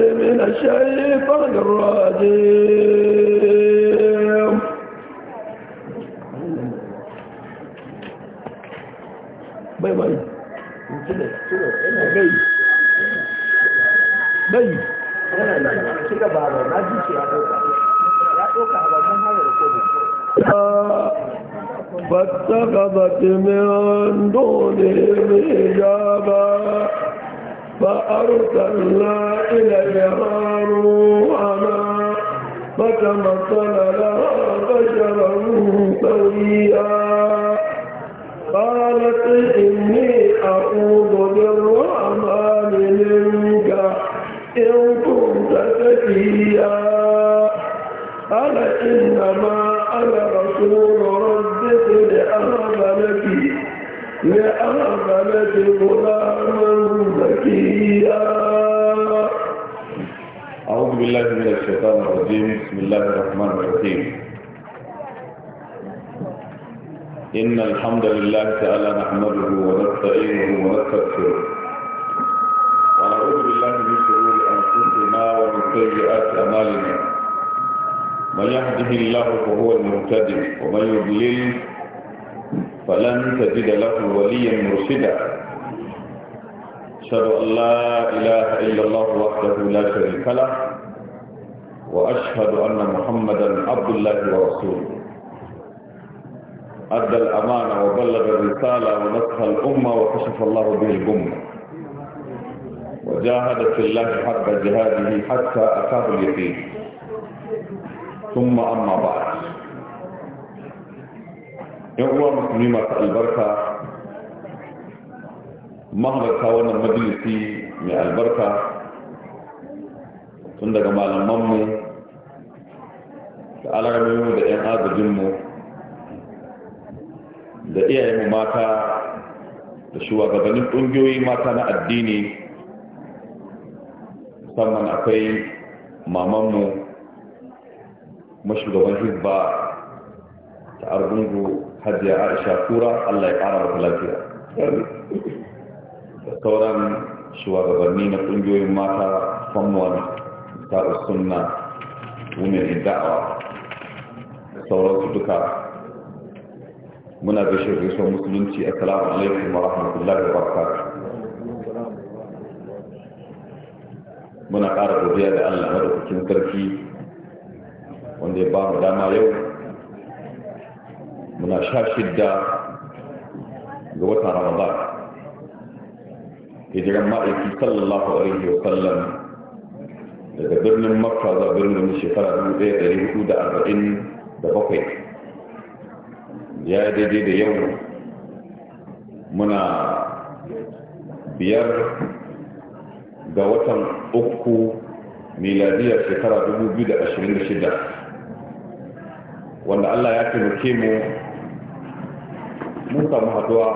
من الشيطان الرجيم باي باي باي باyi فاتخذت من دونه حجابا فأرسلنا إليها روحنا فتمثل لها بشرا سويا قالت إني أعوذ بالرحمن منك إن كنت تكيا قال إنما أنا رسول ربك لأهب لك يا لأعملت غلاما زكيا أعوذ بالله من الشيطان الرجيم بسم الله الرحمن الرحيم إن الحمد لله تعالى نحمده ونستعينه ونستغفره ونعوذ بالله من شرور أنفسنا ومن سيئات أعمالنا من يهده الله فهو المهتدي ومن يضلل فلن تجد له وليا مرشدا أشهد أن لا إله إلا الله وحده لا شريك له وأشهد أن محمدا عبد الله ورسوله أدى الأمانة وبلغ الرسالة ونصح الأمة وكشف الله به الأمة وجاهد في الله حق جهاده حتى أتاه اليقين ثم أما بعد yan uwa musulmi masu albarka mahalarta wannan majalisi mai albarka tun daga malamanmu da alamomi da 'yan agajinmu da iyayenmu mata da shugabannin ƙungiyoyi mata na addini musamman akwai mamanmu mashugaban hizba ta argungu hajiya aisha kura allah ya ƙara maka lafiya da sauran shugabanni na ƙungiyoyin mata someone ta sunna women in da'awa da sauransu duka muna gaishe gaisuwar musulunci a alaikum wa rahmatullahi wa barakatuh muna ƙara godiya da Allah madaukakin sarki wanda ya ba mu dama yau من أشهر شدة لوتر رمضان إذا لم يكن صلى الله عليه وسلم إذا برن مكة إذا برن المشيطة إذا برن مكة إذا برن مكة يا دي دي دي يوم منا بيار دوتا أكو ميلادية شكرا دبو بيدا أشرين شدة وأن الله يأتي نكيمو mun samu haduwa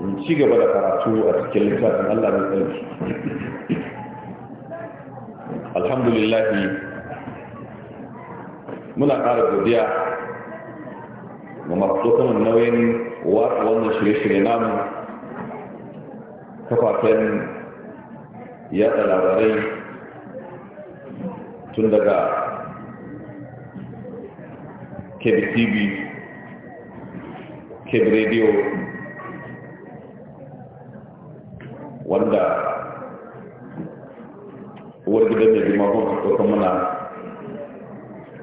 mun ci gaba da karatu a cikin littafin Allah mai tsarki alhamdulillah muna ƙara godiya ga masu tsokanin nauyin watsa wannan shirye-shirye namu kafafen yada labarai tun daga kebe tv keb radio wanda uwar gidan da jima ko kakwakan muna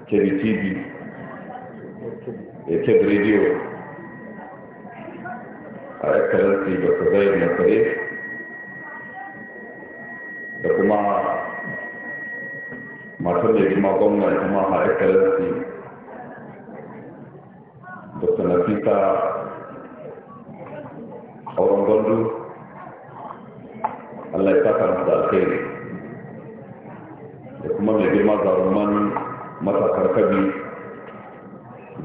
kebi tv ya keb radio a excellency da su zai kare da kuma matar da jima gwamnan kuma a excellency da sanafita auren gwandu allah ya saka masu alkhairi da kuma mai girma zaruman matakar kabi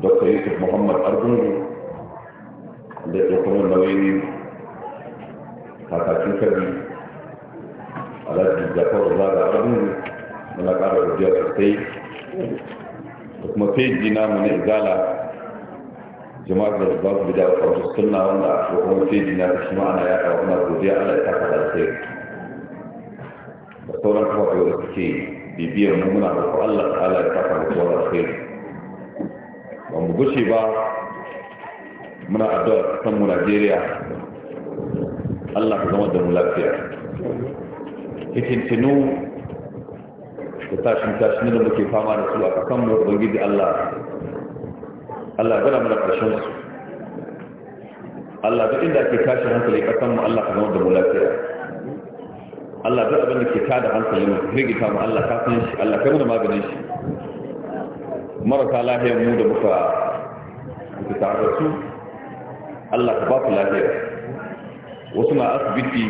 dr yusuf muhammad arzungu da ya kuma nauyin kakakin kabi alhaji jafar zaga arzungu muna ƙara godiya sosai da kuma feji namu na izala jama'ar da ba su bida a wasu suna wanda a shugaban feji na kashi ma'ana ya kawo na godiya allah ya kafa sai da sauran ko da suke bibiyar mu muna da allah ta'ala ya kafa da kowa alheri ba mu gushe ba muna addu'a kan mu najeriya allah ka zama da mu lafiya hitintinu da tashin tashin da muke fama da su a kan mu ubangiji allah Allah ya gana mana ƙarshen su Allah duk inda ke tashi hankali ƙasan mu Allah ka zama da mu lafiya Allah duk abin da ke tada hankali mu rigita mu Allah ka san shi Allah kai mu da maganin shi marasa lafiyar mu da muka muka tare su Allah ka ba ku lafiya wasu na asibiti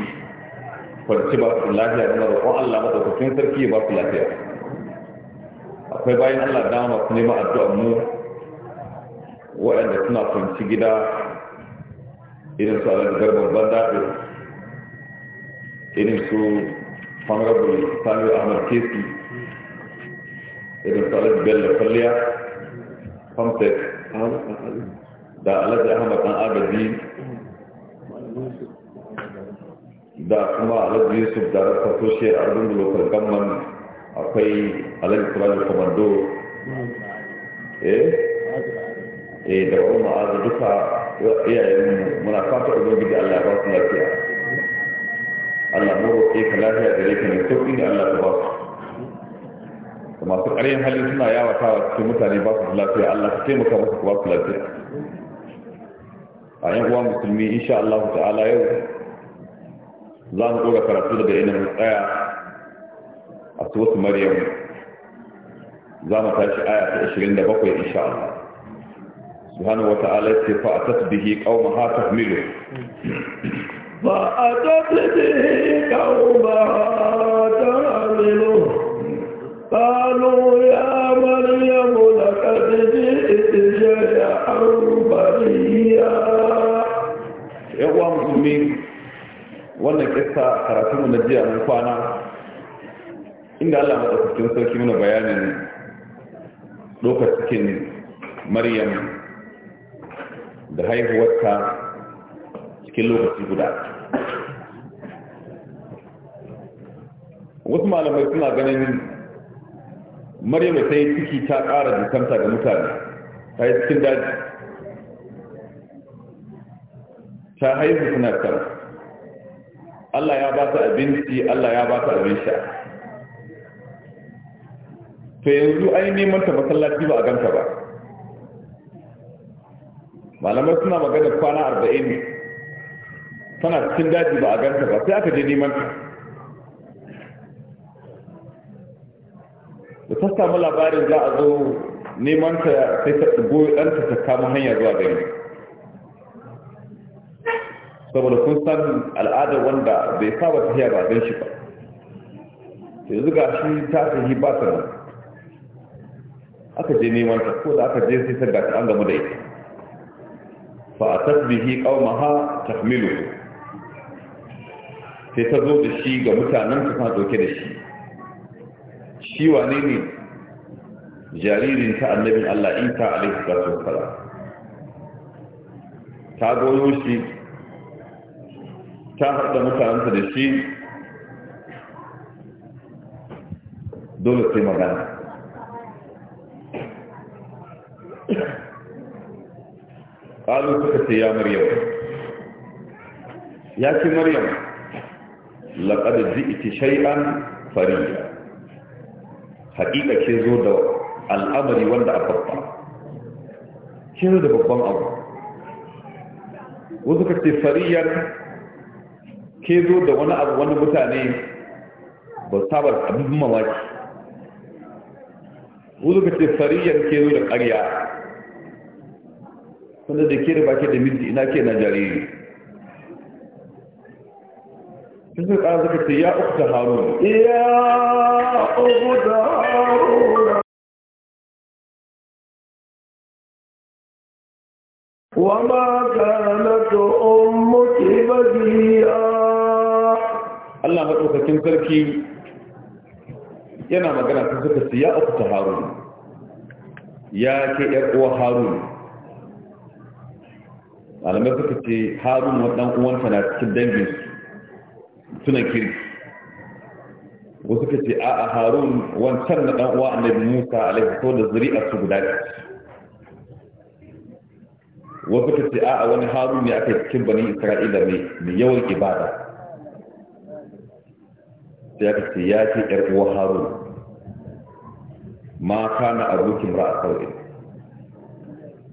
kwanci ba ku lafiya da roƙon Allah madaukakin sarki ya ba ku lafiya akwai bayan Allah dama su neman addu'ar mu waɗanda suna kwanci gida irin su alhaji garban bandaɗe irin su honorable samuel ahmad kesi irin su alhaji bello kwalliya famsek da alhaji ahmad ɗan agaji da kuma alhaji yusuf da rasa soshe a arzikin lokal akwai alhaji surajen komando eh da kuma azu duka iyayen muna fata ubangiji Allah ya ba su lafiya Allah mu roƙe ka lafiya gare ka ne sauƙi da Allah ta ba su da masu ƙaryan hali suna yawatawa cikin mutane ba su lafiya Allah ka taimaka musu ku ba su lafiya a yan uwa musulmi insha Allah ta'ala yau za mu ɗora karatu daga yanayin tsaya a suwatu maryam za mu tashi aya ta 27 insha Allah subhanahu wa ta'ala ce fa atat bihi qauma ha tahmilu fa atat bihi qauma tahmilu qalu ya maryam laqad ji'ti shay'an bariya ya wa mu'min wannan kissa karatu na jiya mun kwana inda Allah madaukakin sarki mana bayanin lokacin Maryam da haihuwarta cikin lokaci guda wasu malamai suna ganin maryama ta yi ciki ta ƙara dukanta ga mutane ta yi cikin daji ta haihu suna kara Allah ya ba ta abinci Allah ya ba ta abin sha to yanzu ainihin neman ta masallaci ba a ganta ba malamai suna magana kwana arba'in tana cikin daji ba a ganta ba sai aka je neman ta da ta samu labarin za a zo neman ta sai ta ɗigo ɗanta ta kama hanya zuwa gari saboda kun san al'ada wanda bai saba hiya ba gan shi ba yanzu ga shi ta tafi ba ta aka je neman ta ko da aka je sai ta gasa an gamu da ita fa'atat bihi qaumaha tahmiluhu sai ta zo da shi ga mutanen ta tana dauke da shi shi wane ne jaririn ta annabin Allah Isa alaihi salatu wassalam ta goyo shi ta haɗa mutanensa da shi dole sai magana قالوا سكت يا مريم يا مريم لقد جئت شيئا فريدا حقيقة كي زود الأمر وند أبطا كي زود ببان أبو وذكرت فريا كي زود وانا أبو وانا بتاني بصابر أبو مواجه وذكرت فريا كي زود أريا sannan da ke da ke da minti ina ke na jariri sun sai ƙara zaka ce ya uku ta haru ya uku ta haruna wama kanatu ummuki bagiya Allah maɗaukakin sarki yana magana sun suka ce ya uku ta Haru. ya ke uwa Haru. malamai suka ce harun waɗan uwanta na cikin dangin tunan kirki wasu suka ce a harun wancan na ɗan uwa annabi musa alaihi ko da zuri'a su guda ce wasu suka ce a wani harun ne aka cikin bani isra'ila ne mai yawan ibada sai aka ce ya ce ƴar uwa harun ma kana abokin ra'a sau'in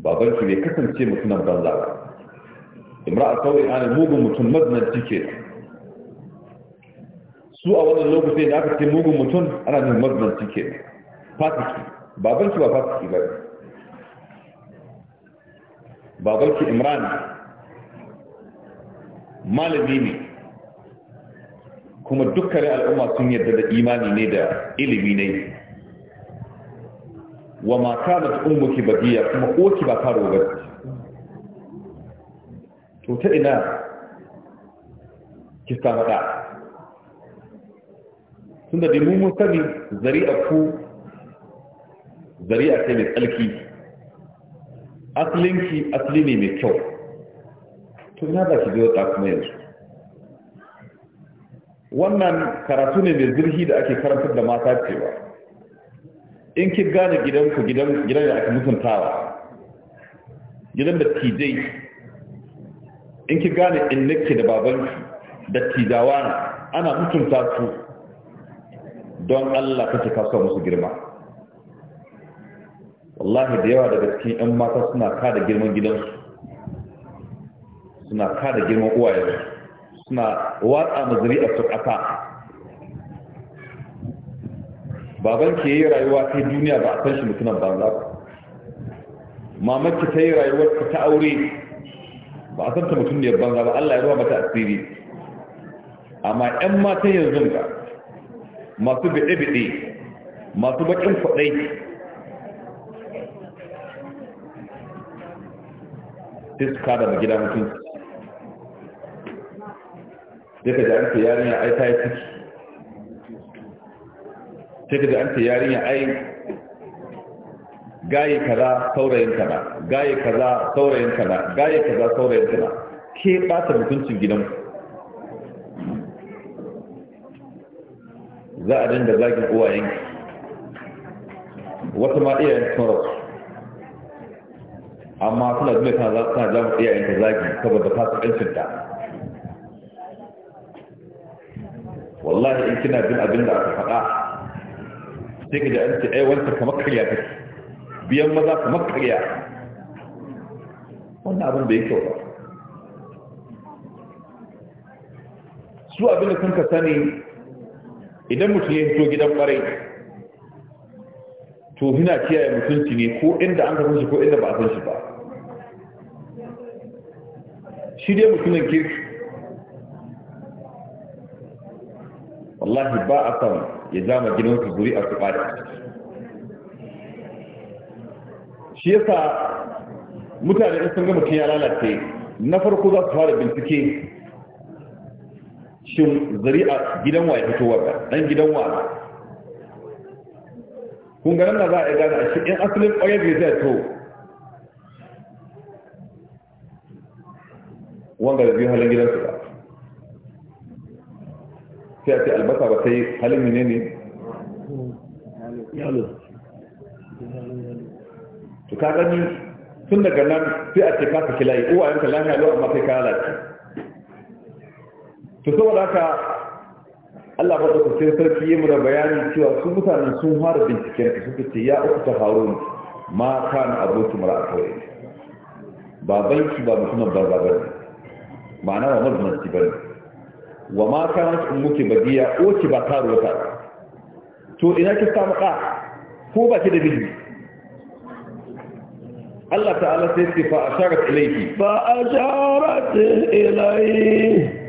babanki bai kasance mutumin banza ba imra'a kawai an mugun mutum maznan cike su a wannan lokacin da aka ce mugun mutum ana nufin maznan cike fasiki babanki ba fasiki ba babanki imran malami ne kuma dukkanin al'umma sun yarda da imani ne da ilimi ne wa ma kanat ummuki bagiya kuma oki ba faro ba to ta ina ki samu ɗa da dimu mun sani zari'a ku zari'a ce mai tsalki Asalinki asali ne mai kyau tun ina ba ki biyo ta kuma yanzu wannan karatu ne mai zurfi da ake karantar da mata cewa in ki gane gidanku gidan da aka mutuntawa gidan da tijai in ki gane in nake da baban da tijawa ana mutunta su don Allah kace ka so musu girma wallahi da yawa daga cikin ƴan mata suna kada girman gidansu suna kada girman uwayensu suna watsa mazuri a tsakata baban ke yi rayuwa ta duniya ba a san shi mutunan banza ba mamaki ta yi rayuwar ta aure ba a santa mutum ne banza ba Allah ya ruwa mata asiri amma ƴan matan yanzu ka masu biɗe-biɗe masu baƙin kwaɗai sai su kada ma gida mutum sai ka ji an ce yarinya ai ta yi ciki sai ka ji an ce yarinya ai gaye kaza saurayin kaza gaye kaza saurayin kaza gaye kaza saurayin kaza ke ɓata mutuncin gidan za a dinga zagin uwayen wata ma iyayen sun rasu amma suna zuwa tana za su zama iyayen ta zagi saboda fasikancin ta wallahi in kina bin abin da aka faɗa sai ka ji an ce ai wancan kamar karya kake biyan maza kamar karya wannan abin bai kyau ba su abin da sun ka sani idan mutum ya fito gidan kwarai to hina kiyaye mutunci ne ko inda an kafin shi ko inda ba a san shi ba shi dai mutumin kirki wallahi ba a san ya zama gidansu guri a su ɓata shi yasa mutane sun gama mutum ya lalace na farko za su fara bincike shin zari'a gidan wa ya fito wa dan gidan wa kun ga nan za a gane a shi in asalin ƙwayar da zai to wanga da biyu halin gidansu ba sai a ce albasa ba sai halin ne ne to ka gani tun daga nan sai a ce ka saki layi yin ka lafiya lo mafi sai ka to to saboda haka Allah ba da ku sai sarki yi mu bayani cewa su mutanen sun fara binciken ka suka ce ya uku ta harun ma na abokin mara kawai banki ba mutumin banza ba ne ma'ana ba mazinanci ba ne wa ma kana ummuki bagiya muke ba karuwa ta to ina ki samu ka ko ba ki da biyu? الله تعالى سيدك فأشارت إليه فأشارت إليه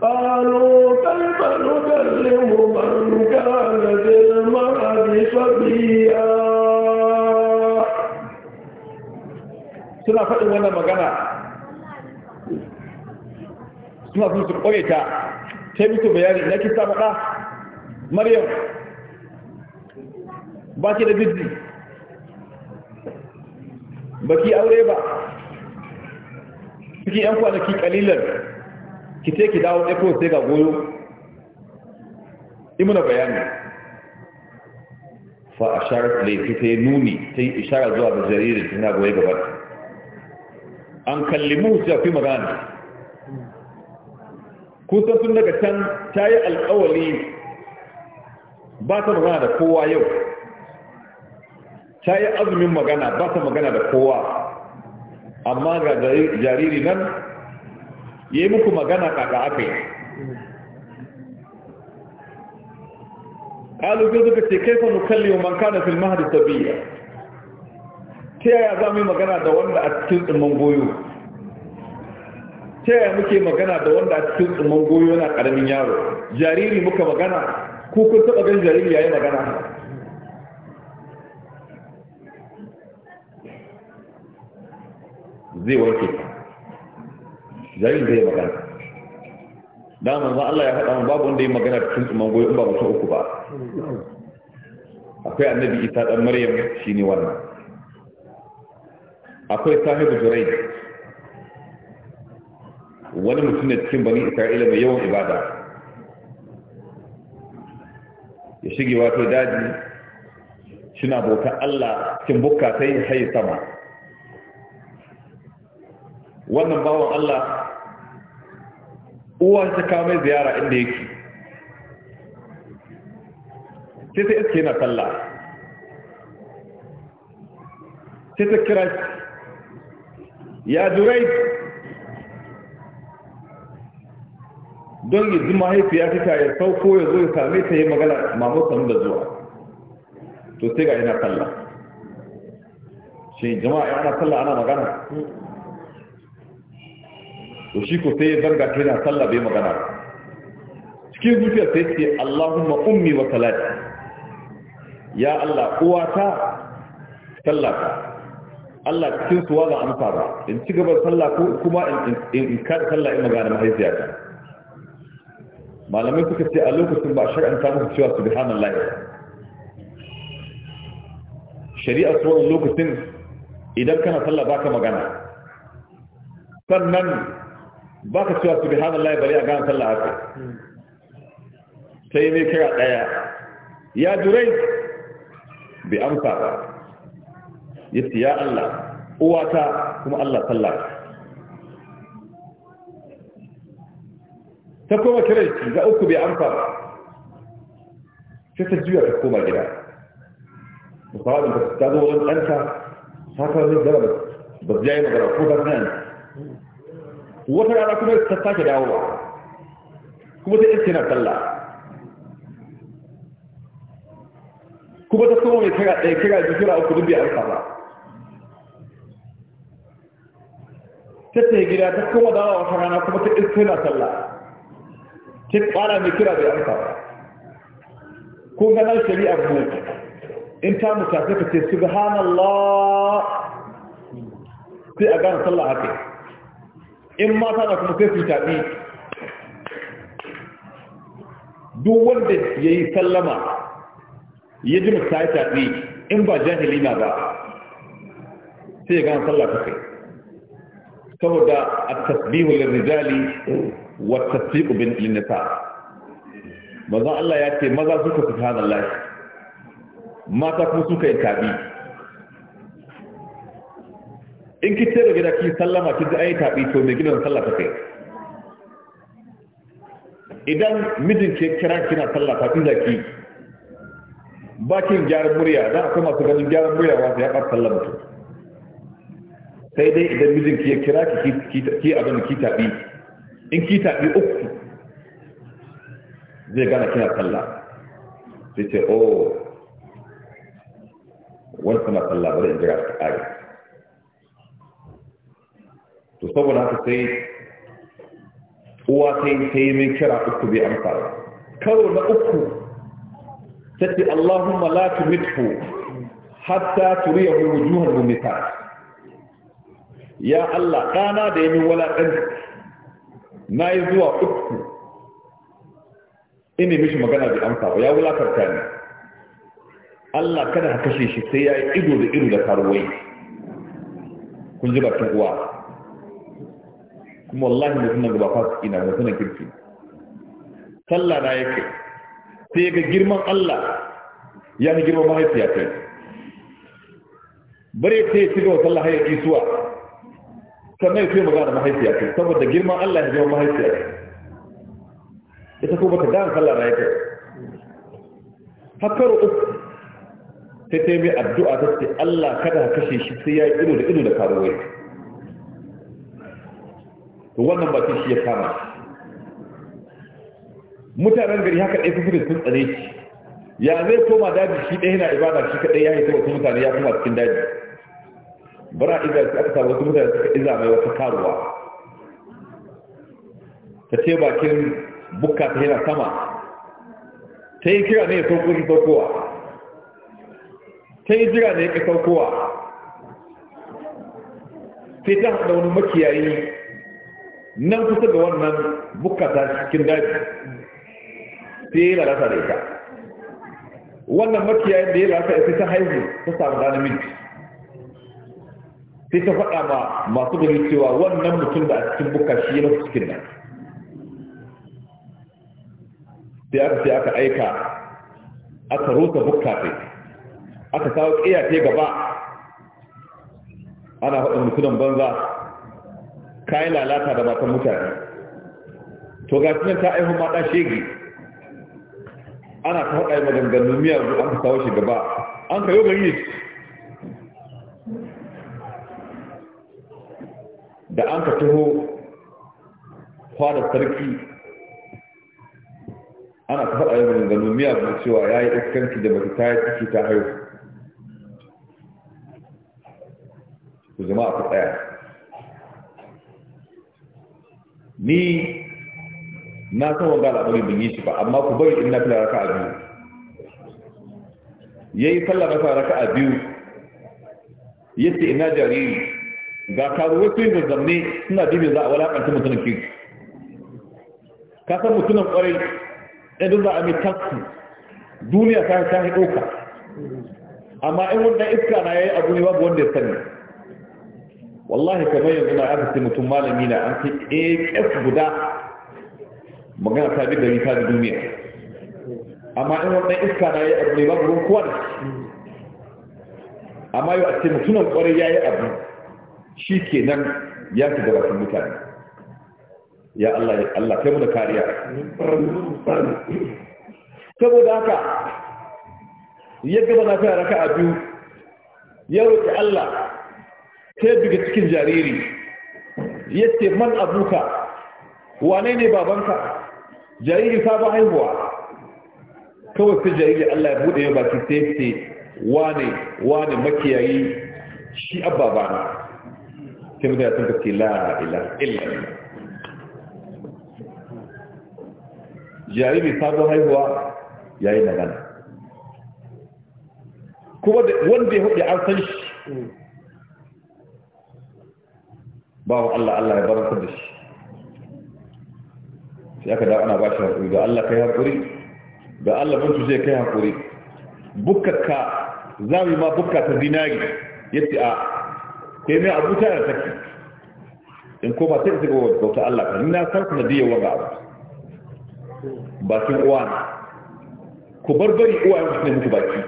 قالوا كيف نكلم من كان في المرض صبيا سنة فإن وانا مغانا سنة فإن سبقوية تابت بياني لكن سابقا مريم باكي لبيتني Ba ki aure ba suke yan kwanaki kalilan ki ce ki dawo ɗaya sai ga goyo imuna bayani fa a sharar laifi ta yi nuni ta yi ishara zuwa da jaririn tana goye gabar an kalli mu su fi magana kusan sun daga can ta yi alkawali ba ta magana da kowa yau ta yi azumin magana ba ta magana da kowa amma ga jariri nan ya yi muku magana kaka aka yi ƙalubin zuka ce kai sanu kalli wa man kana filma da sabiya ta yaya za mu yi magana da wanda a cikin tsimman goyo ta yaya muke magana da wanda a cikin tsimman goyo na ƙaramin yaro jariri muka magana ko kun taɓa gan jariri ya yi magana zai warke jaririn zai magana da manzan Allah ya faɗa babu wanda yi magana cikin tsuman goyi in ba mutum uku ba akwai annabi isa ɗan maryam shi ne wannan akwai sahibu Jirai. wani mutum ne cikin bani isra'ila mai yawan ibada ya shige wato daji suna bautar Allah cikin bukka sai haye sama wannan bawan Allah uwa ta kawo mai ziyara inda yake sai ta iske yana sallah sai ta kira ya durai don yi zuma ta ya sauko ya zo ya same ta yi magana mamusan da zuwa to sai ga yana sallah shi jama'a ana sallah ana magana to shi ko sai ya zarga ta yana sallah bai magana cikin zuciyar sai ce Allahumma ummi wa salati ya Allah uwata sallata Allah cikin suwa ga amsa ba in ci gaba sallah ko kuma in kada sallah in magana mahaifiyata malamai suka ce a lokacin ba shar'an ta musu cewa subhanallah shari'a suwan lokacin idan kana sallah baka magana sannan ba ka cewa subhanallahi bari a gane sallah haka sai ne kira daya ya durai bi amsa ba yace ya Allah uwata kuma Allah sallah ta kuma kira shi ga uku bi amsa sai ta juya ta kuma gida musamman ta zo wurin ɗanta ta kawo zai gara ba zai yi magana ko ba nan wata rana kuma ta sake dawowa kuma ta iske na sallah kuma ta soma mai kira ɗaya kira biyu kira uku dubi an saba ta ta gida ta koma dawa wata rana kuma ta iske na sallah ta tsara mai kira bai an saba ko ganar shari'a mu in ta mutasa ka ce subhanallah sai a gane sallah haka in mata na kuma sai su tafi duk wanda ya yi sallama ya ji mu ta yi tafi in ba jahili na ba sai ya gane sallah ta kai saboda a tasbihu lirijali wa tasbihu bin linisa mazan Allah ya ce maza suka su hana lafi mata kuma suka yi tabi in ki ce da gida ki sallama ki ji ai taɓi to mai gidan sallah ta kai idan mijin ke kira kina sallah ta inda ki bakin gyaran murya dan akwai masu ganin gyaran murya ba ya ɓar sallah mutum sai dai idan mijin ke ya kira ki ki abin ki taɓi in ki taɓi uku zai gana kina sallah sai ce oh wani suna sallah bari in jira ta ƙari تصور هذا السيد هو خير خير من كرع أكتب أمثال كرع ما اللهم لا تمده حتى تريه وجوه المثال يا الله قانا ديني ولا أنت ما يزوى أكتب إني مش مقنع بأمثال يا ولا فرتاني الله كده هكشي شكسي يا إدو لإدو لكاروين كل جبا kuma wallahi mutum nan gaba fasiki na mutumin kirki sallah na yake sai ga girman Allah ya ni girman mahaifiya kai bare sai ci gaba sallah hayar isuwa sannan sai magana mahaifiya kai saboda girman Allah ya girman mahaifiya kai ita kuma baka dan sallah na yake hakkar uku sai ta yi mai addu'a ta ce Allah kada ka kashe shi sai ya yi ido da ido da karuwai to wannan ba shi ya kama mutanen gari haka ɗaya kusurin sun tsare shi ya zai koma daji shi ɗaya yana ibada shi kaɗai ya haita wasu mutane ya koma cikin daji bara iza su aka samu wasu mutane suka iza mai wata karuwa ta ce bakin bukka ta yana sama ta yi kira ne ya sauko shi saukowa ta yi jira ne ya saukowa sai ta haɗa wani makiyayi nan kusa da wannan bukata cikin daji sai ya lalata da ita wannan makiyayin da ya lalata ita ta haihu ta samu da namiji sai ta faɗa ma masu gari cewa wannan mutum da a cikin buka shi ya cikin nan sai aka sai aka aika aka rusa buka sai aka sawo ƙiyaye gaba ana faɗin mutumin banza ka yi lalata da matan mutane to ga sunan ta aihu mata shege ana ta ɗaya yi maganganu miyar an ka kawo shi gaba an ka yi gari da an ka taho fada sarki ana ta ɗaya maganganu miyar miya cewa ya yi iskanci da mace ta yi ciki ta haihu ku jama'a ku tsaya ni na san wanga al'amari ban yi shi ba amma ku bari in na fila raka a biyu ya yi sallah masa raka a biyu yadda ina jariri ga karu sun da zamne suna dibe za a walakanta mutunan kirki ka san mutumin kwarai ɗin za a mai tasu duniya ta ta ɗauka amma in wanda iska na ya yi abu ne babu wanda ya sani wallahi kamar yanzu na aka ce mutum malami na an kai ƙes guda magana ta bi gari ta duniya amma in wannan iska na yi abu ne ba ruwan kowa da amma yau a ce mutumin kwarai ya yi abu shi ke nan ya fi gabatun mutane ya Allah ya Allah kai muna kariya saboda haka ya gaba na kai raka a biyu ya roƙi Allah sai daga cikin jariri ya ce man abuka wane ne babanka jariri sabon haihuwa kawai sai jariri Allah ya buɗe ya baki sai ce wane wane makiyayi shi ababana sai mutane sun kaske la ila illa jariri sabon haihuwa ya yi magana kuma wanda ya hudu an san shi babu Allah Allah ya barantar da shi sai aka da ana ba shi hakuri ga Allah kai hakuri, ga Allah mun tuje kai hakuri. bukkaka za mu yi ma bukkata dinari yace a kai mai abuta da take in ko ba sai ga bauta Allah ka na san ku da diya wa ba bakin uwa ku barbari uwa ya ne muku baki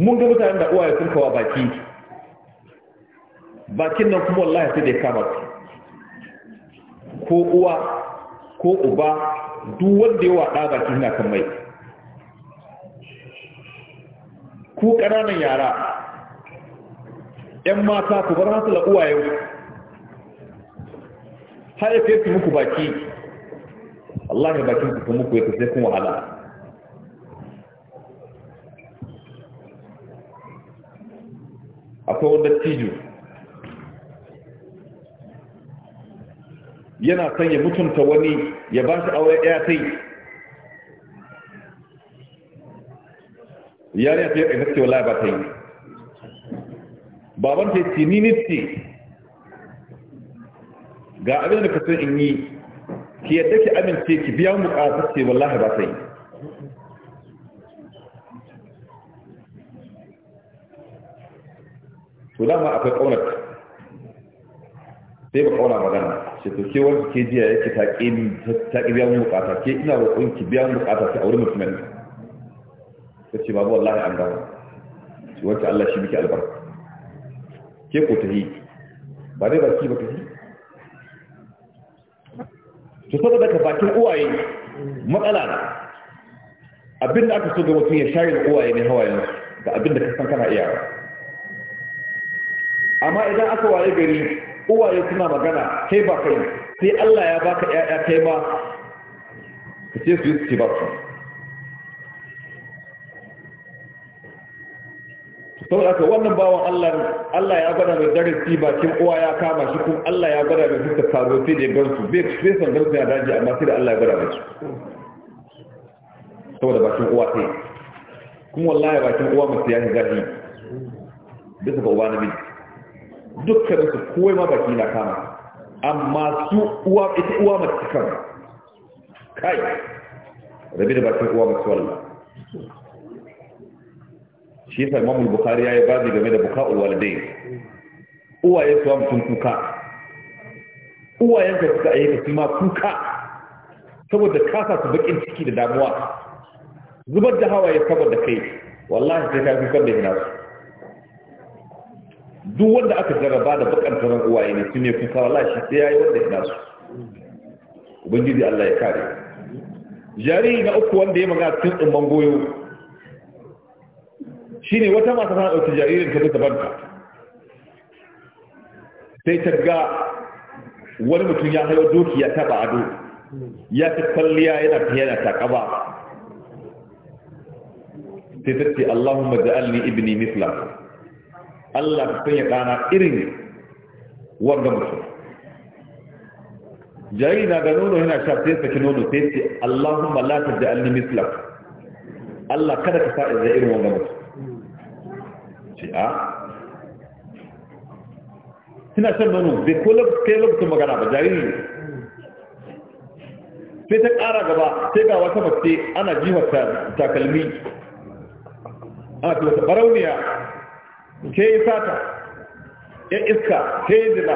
mun ga mutanen da uwa ya sun kawa baki bakin nan kuma wallahi sai da kama ko uwa ko uba duk wanda ya waɗa bakin na kan mai ku ƙananan yara ‘yan mata ku bar hasala uwayen har ya fi muku baki Allah ya bakin ku muku ya sai kun wahala akwai wanda tijo yana son ya mutunta wani ya ba shi aure ɗaya sai yariya ta yi ƙasar cewa laye ba ta yi baban ta yi tininiti ga abin da ka in yi ki yadda ki amince ki biya mu ƙasar ce wallahi ba ta yi to dama akwai ƙaunar sai ba ƙaunar magana ce to ke wanda ke jiya yake ta ke ta ke biya mu bukata ke ina roƙon ki biya mu bukata ki aure mutumin ta ce babu wallahi an gama ce wacce Allah shi miki albarka ke ko ta yi ba dai ki ba ta yi to saboda ka bakin uwaye matsala na abin da aka so ga mutum ya share uwaye ne hawayen da abin da ka san kana iyawa amma idan aka waye gari uwaye suna magana kai ba kai sai Allah ya baka ƴaƴa kai ma ka ce su yi su ce ba su saboda haka wannan bawan Allah Allah ya gwada mai darasi bakin uwa ya kama shi kuma Allah ya gwada mai fuskar karo sai da gansu bai bai san gansu ya daji amma sai da Allah ya gwada mai su, saboda bakin uwa sai kuma wallahi bakin uwa musu ya gaji bisa ga uba biyu. dukkanin su kowai ma baki na kama amma su uwa ita uwa mace kan kai rabi da bakin uwa mace wallah shi sai mamul Bukhari yayi bazi game da buka'ul walidain ya su mutun kuka uwayen ka suka ayyuka su ma kuka saboda kasa su bakin ciki da damuwa zubar da hawaye saboda kai wallahi sai ka kuka da hinasu duk wanda aka jarraba da bakantaran uwaye ne su ne kuka wallahi shi sai yayi wanda ina su ubangiji Allah ya kare jariri na uku wanda ya magana cikin tsumman goyo ne wata mata ta dauki jaririn ta ta banta sai ta ga wani mutum ya hayo doki ya taba ado ya ta kwalliya yana ta yana ta kaba sai ta ce Allahumma ja'alni ibni mithla Allah ka sanya ɗana irin wanga mutum jariri na ga nono yana sha sai saki nono sai ce Allahumma la taj'alni mislak Allah kada ka sa da irin wanga mutum ce a suna shan nono bai ko kai lokacin magana ba jariri sai ta ƙara gaba sai ga wata mace ana jiwa takalmi ana ta wata barauniya ke yi sata ya iska ke yi zina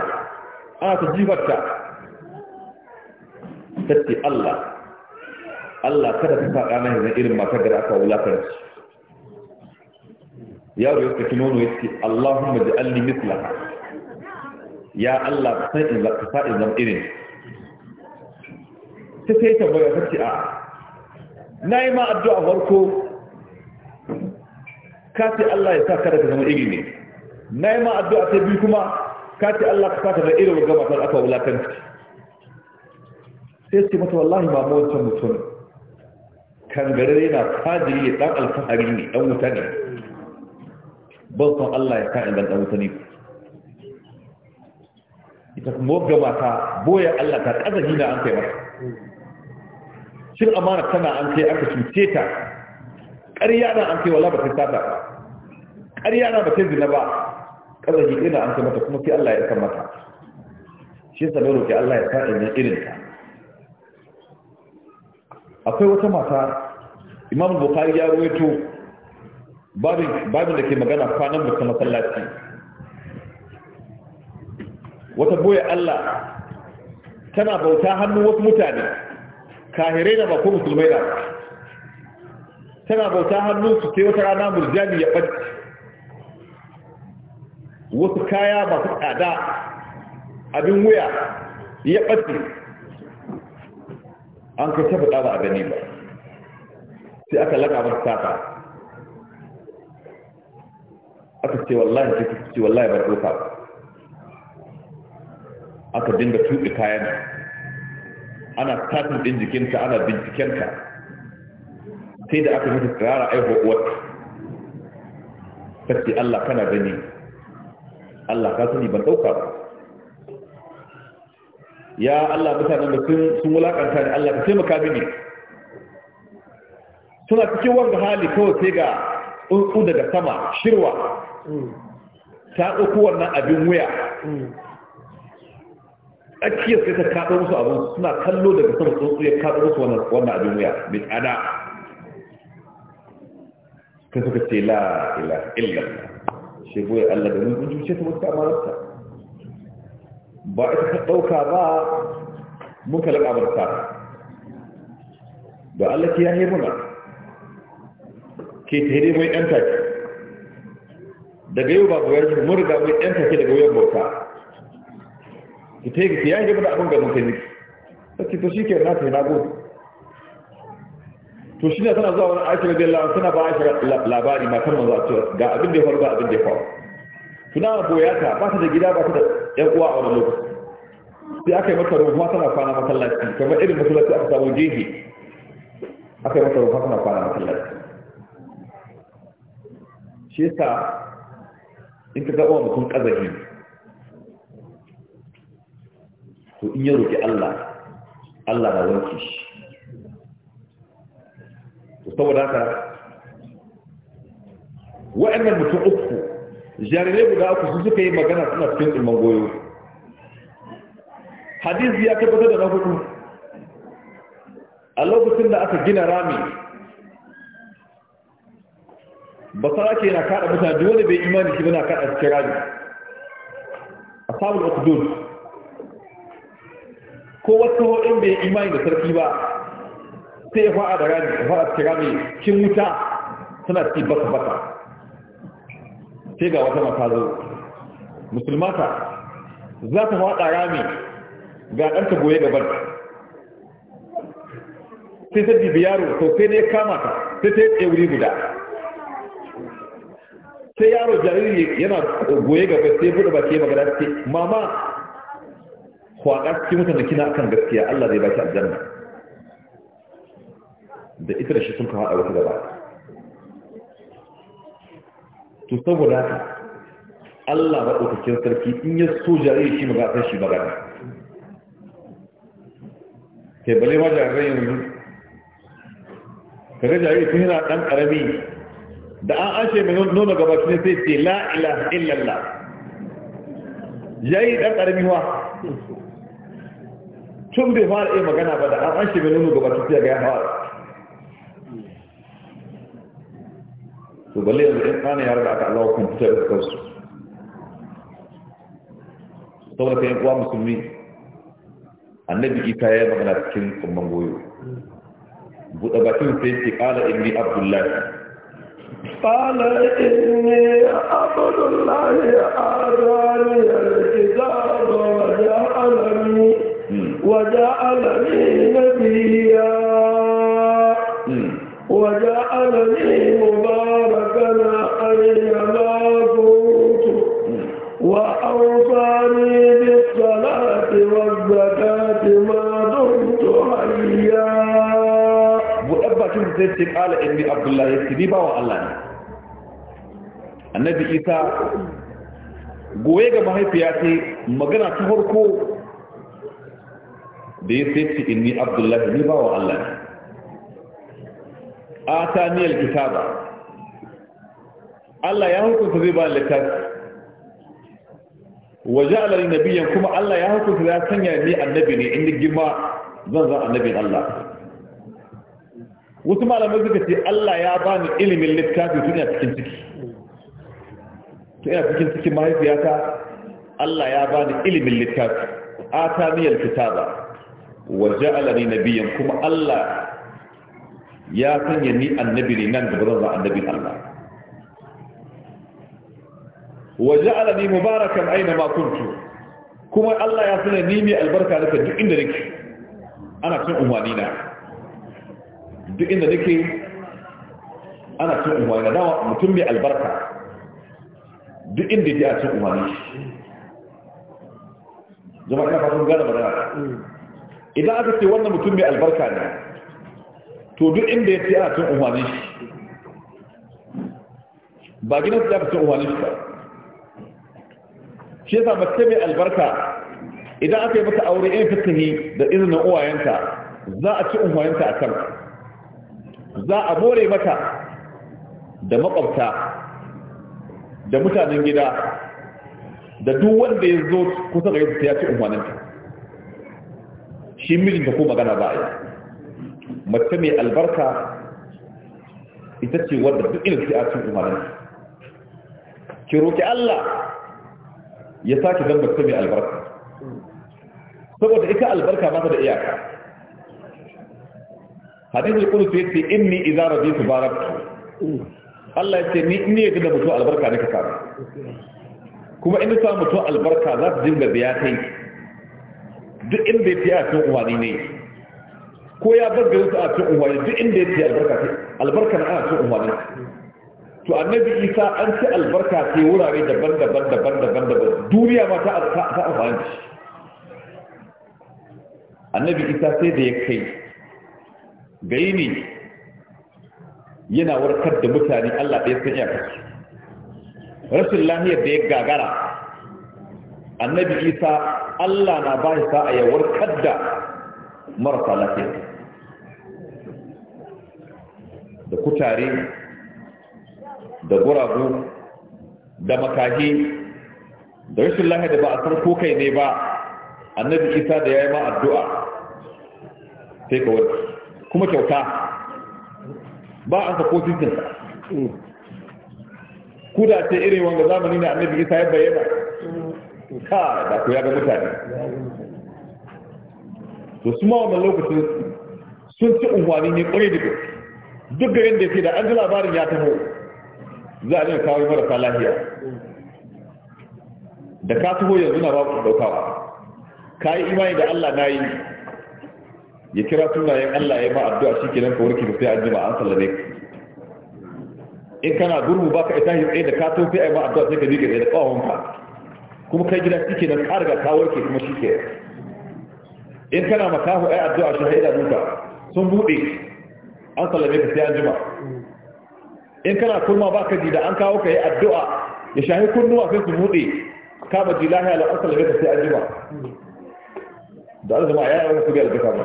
ana ta jifarta tatti Allah Allah kada ka faɗa na yanzu irin matar da aka wulakanci yaro ya saki nono ya ce Allahumma ji'alni mislaha ya Allah sai in zaka zama irin ta sai ta ta ce a na yi ma addu'a farko ka Allah ya sa kada ka zama iri ne na yi ma addu'a ta biyu kuma ka Allah ka sa ka zama iri wa gaba ta aka wulakanci sai ce mata wallahi ba mawancan mutum kangarare na fajiri ya ɗan alfahari ne dan wuta ne ban san Allah ya sa in dan wuta ne ita kuma wagga mata boye Allah ta ƙazagi na an kai mata shin amana tana an kai aka cuce ta ƙarya na an kai wala ba ta sata ba ƙarya na ba ta zina ba ƙasa hiƙi na an mata kuma sai Allah ya san mata shi sa roƙi Allah ya sa in irin ta akwai wata mata Imam Bukhari ya rawaito babin da ke magana kwanan mutum masallaci wata boye Allah tana bauta hannu wasu mutane kahirai da ba ko musulmai da tana bauta su sai wata rana murjani ya ɓace. wasu kaya masu tsada abin wuya ya ɓace. an kai ta faɗa ba a gani ba sai aka laga masu tata aka ce wallahi sai kuka ce wallahi bar ɗauka aka dinga tuɓe kayan ana tatin ɗin jikinta, ana bincikenta sai da aka mutu tsara aiho uwarta sai Allah kana gani Allah ka sani ban dauka ba ya Allah mutanen da sun sun wulakanta ni Allah ka taimaka mini suna cikin wanga hali kawai sai ga tsuntsu daga sama shirwa ta ɗauko wannan abin wuya tsakiyar sai ta kaɗo musu abin suna kallo daga sama tsuntsu ya kaɗo musu wannan abin wuya mai tsada Ka suka ce la ila illa shi goyi Allah da mun cuce ta mutu amararta ba a ta ɗauka ba muka laƙabarta da Allah ke yahe muna ke tere mai ɗan take daga yau ba goyar shi mun riga mai ɗan take daga yau bauta ki ta yi ki yahe muna abin ga mutane, yi ta ce to shi ke na ta yi na gobe to shi ne tana zuwa wani aisha da lawan tana ba aisha labari matan manzo a cewa ga abin da ya faru ga abin da ya faru tuna boya ta ba ta da gida ba ta da yan uwa a wani lokaci sai aka yi mata ruwa tana kwana masallaci kamar irin masallaci aka samu gehe aka yi mata ruwa tana kwana masallaci shi yasa in ka zaɓa mutum ƙazahi to in ya roƙi Allah Allah na wanke shi saboda haka wa'annan mutum uku jarirai guda uku su suka yi magana suna cikin ɗumman goyo hadisi ya tabbatar da na hudu a lokacin da aka gina rami basara ke na kada mutane duk wanda bai imani shi bana kada cikin rami a sabon okudun ko wata hudun bai imani da sarki ba sai ya fara da rami fara kira mai kin wuta tana ci baka baka sai ga wata mata zo musulmata za ta fada rami ga ɗanta goye gaban sai ta bibi yaro to sai ne kama ta sai ta yi wuri guda sai yaro jariri yana goye gaban, sai buɗe baki magana ce mama kwaɗa cikin mutane kina akan gaskiya Allah zai baki aljanna da ita da shi sun kawo a wata gaba to saboda haka Allah ɗaukakin sarki in ya so jarirai shi magana shi magana ke bale ma jarirai yanzu kaga jarirai sun yana ɗan ƙarami da an ashe mai nuna ne sai ce la'ila illallah yi ɗan ƙarami wa tun bai fara iya magana ba da an ashe mai nuna shi ya ga ya fara to balle yanzu ɗan ƙana ya riga aka alawa kwamfuta da kansu saboda kayan uwa musulmi annabi isa ya yi magana cikin tsumman goyo buɗe bakin sai ce ƙala inni abdullahi ƙala inni abdullahi azani al-kitab wa ja'alani wa ja'alani nabiyya وجعلني مباركا أينما كنت وأوصاني بالصلاة والزكاة ما دمت حيا وأبا كنت تكتب على إني عبد الله يكتبي باو الله annabi isa goye ga mahaifiya ce magana ta farko da ya sai ce inni abdullahi ni bawa Allah ne ataniyal kitaba Allah ya hukunta zai ba littafi Waje ja'ala li kuma Allah ya hukunta ya sanya ni annabi ne inda gima zan zan annabin Allah wasu malamai suka ce Allah ya bani ilimin littafi tun ina cikin ciki tun ina cikin cikin mahaifiyata Allah ya bani ilimin littafi ataniyal kitaba wa ja'ala li kuma Allah يا كن النبي لنا قبل النبي الله وجعلني مباركا اينما كنت كما الله يا سنه نيمي البركه لك دك اند لك انا في اموالينا دك اند لك انا في اموالينا دعوا متمي البركه دك اند دي اسي اموالي زمان كان فاضل قال بدا اذا اتي وانا متمي البركه to duk inda ya ce a cin umarni shi ba gina su dafa cin umarni shi ba shi yasa mace mai albarka idan aka yi mata aure in fitahi da izinin uwayenta za a ci umarninta a kan za a more mata da makwabta da mutanen gida da duk wanda ya zo kusa ga yadda ya ci umarninta shi mijinta ko magana ba a yi mace mai albarka ita ce wadda duk irin sai a cin umarnin ki roki Allah ya sake zan mace mai albarka saboda ita albarka ba ta da iyaka hadisi kudu sai ce inni idza rabitu baraktu Allah ya ce ni ne ya gida mutu albarka ne ka samu kuma in ta mutu albarka za ta dinga biya kai duk inda ya fiya cin umarni ne ko ya bar garin su a cikin uwa duk inda ya ce albarka ce albarka na ana cikin uwa to annabi isa an ci albarka ce wurare daban-daban daban-daban daban duniya ma ta ta amfani annabi isa sai da ya kai gayi ne yana warkar da mutane Allah ɗaya sun iya kasu rashin lahiyar da ya gagara annabi isa Allah na ba shi sa'a ya warkar da marasa lafiya da kutare da guragu da makahi da rashin lahi da ba a sarko kai ne ba annabi isa da ya yi ma addu'a sai ka wani kuma kyauta ba a sako titinsa ku da ce irin wanga zamani na annabi isa ya bayyana ka da ku ya ga mutane to su ma wannan lokacin sun ci unguwanni ne ƙwarai da gaske duk garin da ke da an ji labarin ya taho za a dinga kawo marasa lahiya. da ka taho yanzu na babu daukawa ka yi imani da Allah na yi ya kira sunayen Allah ya yi addu'a shi kenan ka warke da sai an jima an sallame ka in kana gurbu ka ita yi tsaye da ka taho sai yi ma addu'a sai ka miƙe tsaye da ka. kuma kai gida shi nan ka riga ka warke kuma shi ke in kana makahu ai addu'a shahida duka sun buɗe an sallame ka sai an jima in kana kurma ba ka ji da an kawo ka yi addu'a ya shahi kunnuwa sai su buɗe ka ba ji lahiya an sallame ka sai an jima da an zama ya yawon su ga albaka ba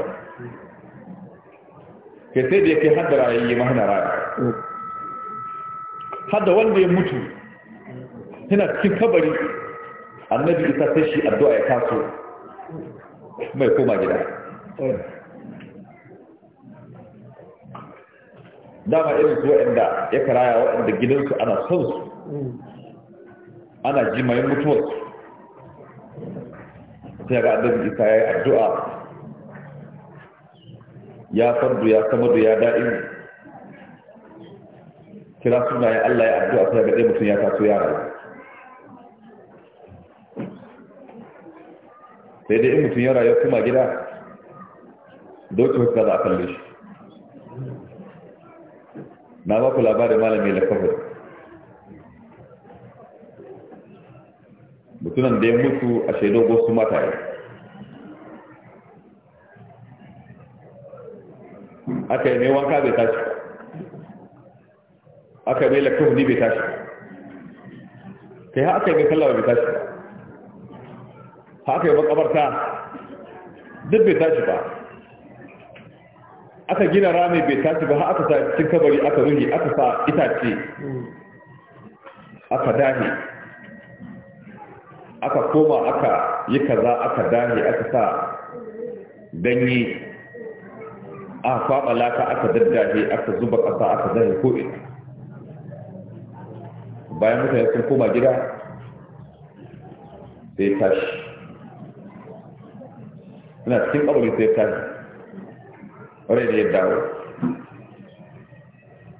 ke sai da ya kai hadda rayayye mahana raya hadda wanda ya mutu yana cikin kabari annabi isa sai shi addu'a ya taso mai koma gida dama irin su waɗanda ya karaya waɗanda gidansu ana son su ana jimayin su sai ga annabi isa ya yi addu'a ya fardu ya samadu ya da'in kira suna ya Allah ya addu'a sai ga ɗaya mutum ya taso ya sai dai in mutum ya rayu kuma gida doki wasu za a kalle shi na ba ku labarin malami lakafin mutunan da ya mutu a shaido gosu mataye aka yi mai wanka bai tashi aka yi mai lakafin bai tashi kai ha aka yi mai kallawa bai tashi ha aka yi makabarta duk bai tashi ba aka gina rami bai tashi ba aka sa cikin kabari aka ruhi aka sa itace aka dahi aka koma aka yi kaza aka dahi aka sa ganye a kwaɓa laka aka daddaje aka zuba ƙasa aka ko ko'ina bayan mutane sun koma gida sai tashi ina cikin kabari sai tashi already had dawo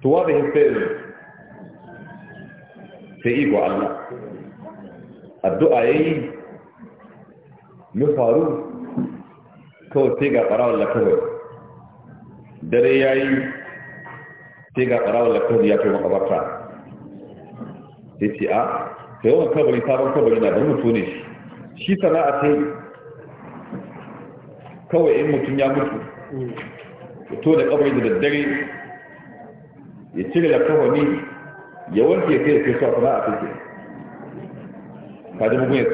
to waɗa his parents sai iko Allah addu'a yayi mu faru kawai sai ga ɓarawar lakawar dare ya yi sai ga ɓarawar lakawar ya fi makabarta sai ce a ta yawan kabari na mutu ne shi sana'a kawai in mutum ya mutu fito da kabari da daddare ya cire da kawani ya wanke kai ya kai su a sana'a kai mu kaji mugun ya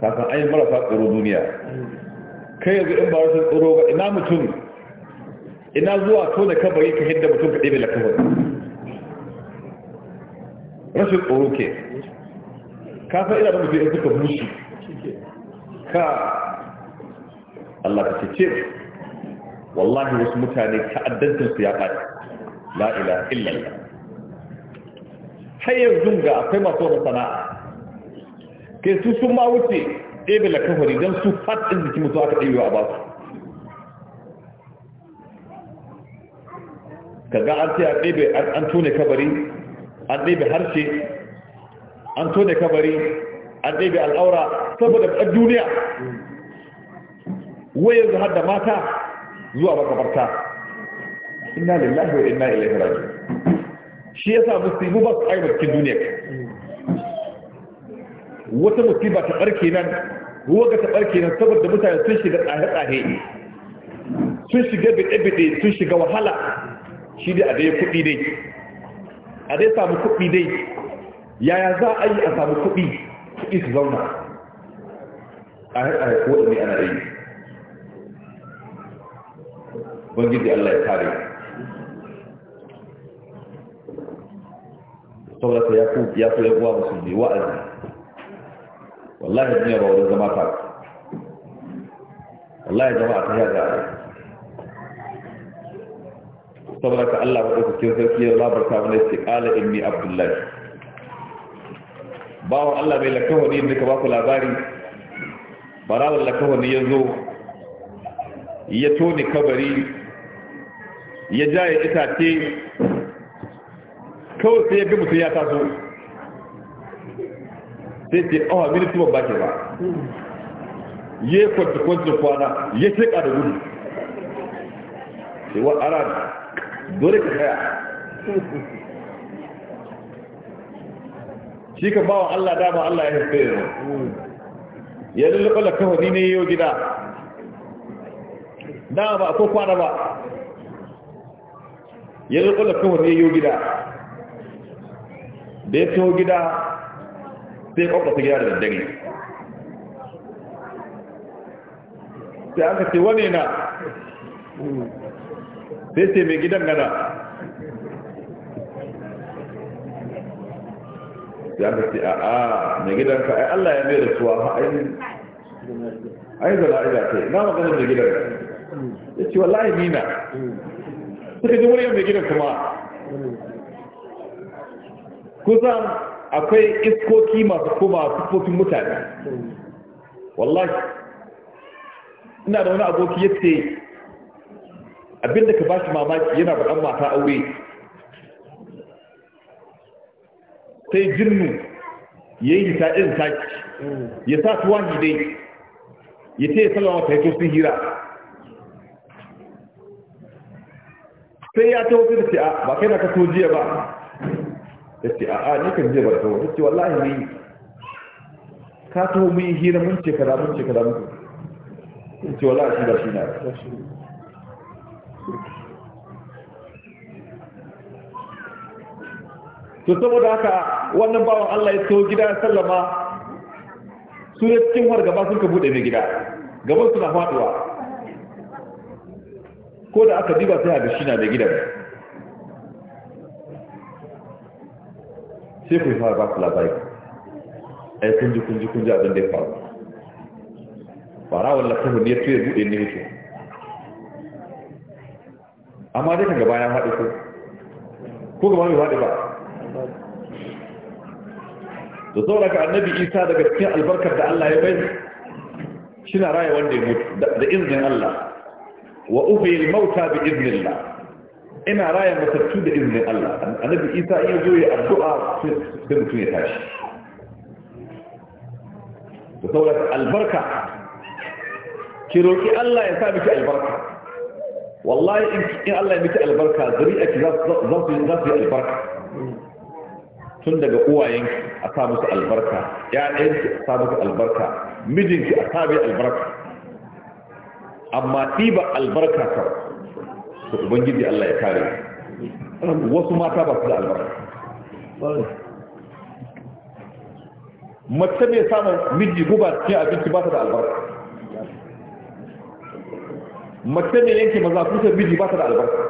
sana'a kasan yi marasa tsoro duniya kai yanzu in ba wasu tsoro ba ina mutum ina zuwa tona kabari ka hidda mutum ka ɗebe lakawar rashin tsoro ke kasan ina da mutum in suka bushi ka Allah ka ce ce wallahi wasu mutane ta'addantarsu ya ɓaci la'ila illallah har yanzu ga akwai masu wani sana'a ke su sun ma wuce ɗebe lakafari don su fatin jiki mutu aka ɗewa a basu ka ga an tiya ɗebe an tone kabari an ɗebe harshe an tone kabari an ɗebe al'aura saboda ɗan duniya wayar da har da mata zuwa makabarta inna lillahi wa inna ilaihi raji shi yasa musibu ba su aibar cikin duniya wata musiba ta barke nan ruwa ga ta barke nan saboda mutane sun shiga tsare-tsare sun shiga bide-bide sun shiga wahala shi dai a dai kuɗi dai a dai samu kuɗi dai yaya za a yi a samu kuɗi kuɗi su zauna a haɗa ko da ne ana yi ubangiji Allah ya kare saboda ya ku ya ku yawa musulmi wa'azi wallahi ne ba wajen zama ta wallahi jama'a ta yaga saboda ka Allah ba ku cikin sarki ya labarta mana ce qala inni abdullahi bawon Allah mai lakawani ne ka ba ku labari barawar lakawani ya zo ya tone kabari ya ja ita itace kawai sai ya ga mutum ya taso sai ce awa oh, miniti ban ke ba ya yi kwanci-kwanci kwana ya ce da gudu cewa ara dole ka kaya. shi ka bawa Allah dama Allah ya haifai yanzu ya lullaba da kawai ne yau gida na ba ko kwana ba ya zo da kawar ya yi gida da ya taho gida sai ya kwakwata gida da daddare sai aka ce wane na sai ce mai gidan gana sai aka ce a a mai gidan ka ai Allah ya mai da suwa ainihin zana ce na maganin mai gidan ya ce wallahi nina suka ji muryar mai gidan kuma kusan akwai iskoki masu koma sufofin mutane wallahi ina da wani aboki ya ce abinda ka ba shi mamaki yana baɗan mata aure sai jinnu ya yi ta irin taki ya sa tuwa dai ya ce ya sallama ta hito sun hira sai ya tawo sai ce a ba kai na ka so jiya ba ya ce a a ni kan jiya ba tawo ya ce wallahi ne ka tawo mun yi hira mun ce kada mun ce kada mun ce wallahi shi ba shi na to saboda haka wannan bawan Allah ya tawo gida ya sallama su ne cikin wargaba sun ka bude mai gida gaban suna faduwa ko da aka diba sai ga shi na da gidan sai ku yi fara ba su labari yi kunji kunji kunji abin da ya faru farawar wallah ne ya buɗe ne mutu amma dai ka gaba ya haɗe ko ko gaba bai haɗe ba da zaura ka annabi isa daga cikin albarkar da allah ya bai shi na raya wanda ya mutu da izinin allah wa ubiyil mauta bi iznillah ina raya matattu da iznin Allah annabi Isa in zo ya addu'a da mutum ya tashi da saboda albarka ki roki Allah ya sa miki albarka wallahi in Allah ya miki albarka zuri'aki za su za su albarka tun daga uwayenki a sa musu albarka ƴaƴanki a sa musu albarka mijinki a sa albarka amma ɗiba albarka ka to ubangiji Allah ya kare wasu mata ba su da albarka mace mai samun miji guba cikin abinci ba ta da albarka mace mai yanke maza kusa miji ba ta da albarka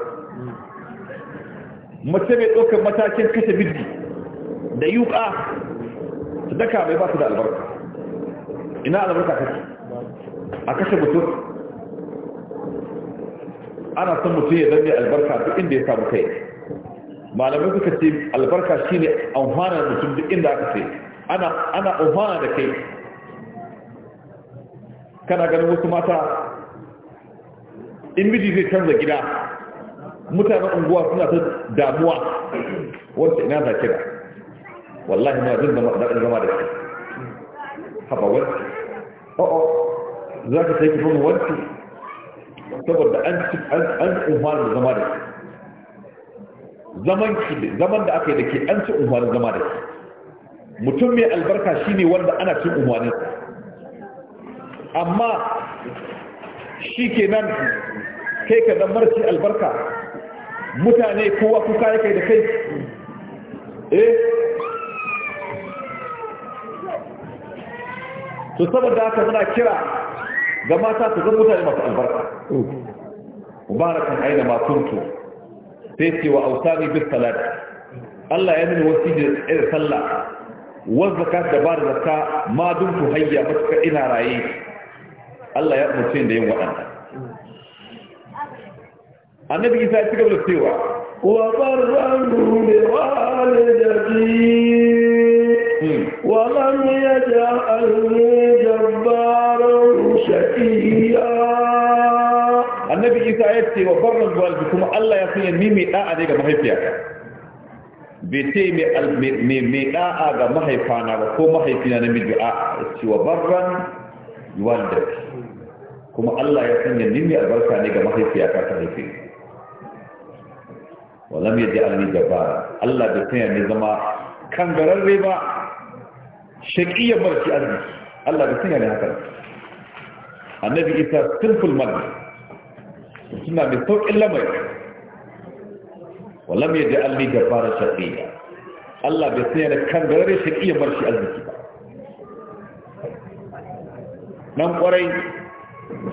mace mai ɗaukar matakin kashe miji da yuka sadaka mai ba ta da albarka ina albarka kake a kashe mutum ana son mutum ya zanne albarka duk inda ya samu kai malamai suka ce albarka shi ne amfana mutum duk inda aka ce ana amfana da kai kana ganin wasu mata in miji zai canza gida mutanen unguwa suna ta damuwa wacce ina za kira wallahi na jin daɗin zama da shi haɓa wacce o'o oh, oh, za ka sai kifin wacce saboda an ci unhwanin zama da ke zaman da aka yi da ke an ci unhwanin zama da mutum mai albarka shine wanda ana cin umarni, amma shi ke nan kai ka zan marci albarka mutane kowa kuka ya kai da kai eh to saboda haka muna kira ga mata su zan mutane masu albarka mubarakan aina ma kuntu sai ce wa ausani bis salat Allah ya nuna wasu da tsayar sallah wanda ka da ba da zakka ma dun ku hayya matuka ina raye Allah ya umarce da yin waɗanda annabi isa ya ci da cewa wa barran bi walidati ولم يجعلني جبارا شقيا annabi isa ya ce wa barran walbi kuma Allah ya sanya ni mai da'a ne ga mahaifiyata bai ce mai da'a ga mahaifana ba ko mahaifina na miji a ce wa barran walbi kuma Allah ya sanya ni mai albarka ne ga mahaifiyata ta haife walam ya ji alni gaba Allah bai sanya ni zama kangararre ba shaƙiyyar marci arziki Allah da sanya ne haka annabi isa simple man suna mai sauƙin lamari walam ya ji alli gabarar shaƙiyya Allah bai sanya da kan gare shaƙiyyar barci arziki ba nan ƙwarai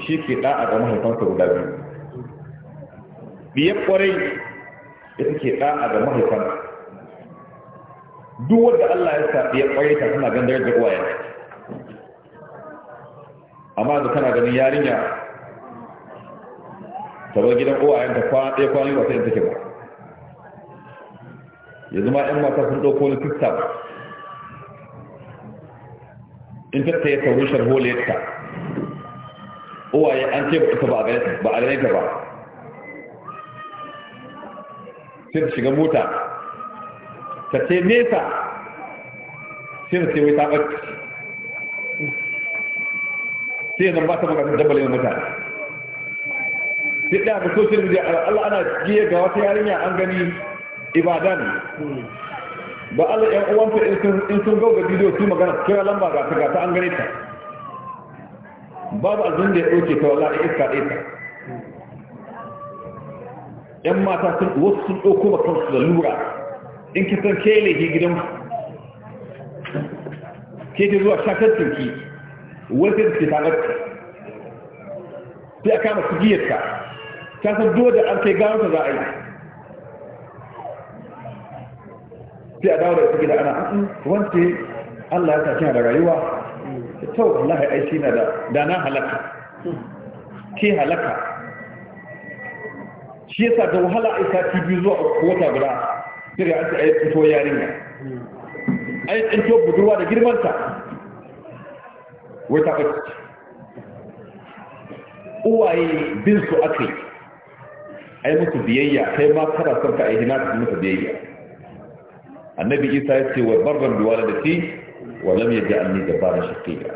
shi ke ɗa'a ga mahaifansa guda biyu biyar ƙwarai ita ke ɗa'a ga mahaifansa duk wanda Allah ya sabi ya kwaye ta suna gandar da kwaye amma da tana ganin yarinya ta gidan uwayen ta kwana ɗaya kwana wata yin take ba Ya zama ɗan mata sun ɗauko wani ba in tatta ya tauri ta uwaye an ce ba ita ba a ganin ta ba sai ta shiga mota ta ce nesa sai da ce wai ta ɓarki sai yanzu ba ta magana dabbalin na mutane sai ɗaya ga social media Allah ana giye ga wata yarinya an gani ibada ne ba Allah ƴan uwanta in sun gauga bidiyo su magana kira lamba ga ta gata an gane ta babu azin da ya ɗauke ta wala da iska ɗaya ta ƴan mata sun wasu sun ɗauko ba kansu da lura in ki san ke gidan ke ke zuwa shakar turki wata da ke tanar sai a kama sigiyarka ta san da an kai gawar za a yi sai a dawo da su gida ana wance Allah ya sa kina da rayuwa to Allah ya aishi na da da na halaka ke halaka shi yasa da wahala a isa tv zuwa wata guda sai an ta tsinto yarinya an tsinto budurwa da girmanta wai ta ɓace uwaye bin su aka yi ai musu biyayya kai ma kana son ka ai hina su musu biyayya annabi isa ya ce wa barran biwala da ti wa lam yaj'alni jabbaran shaqiya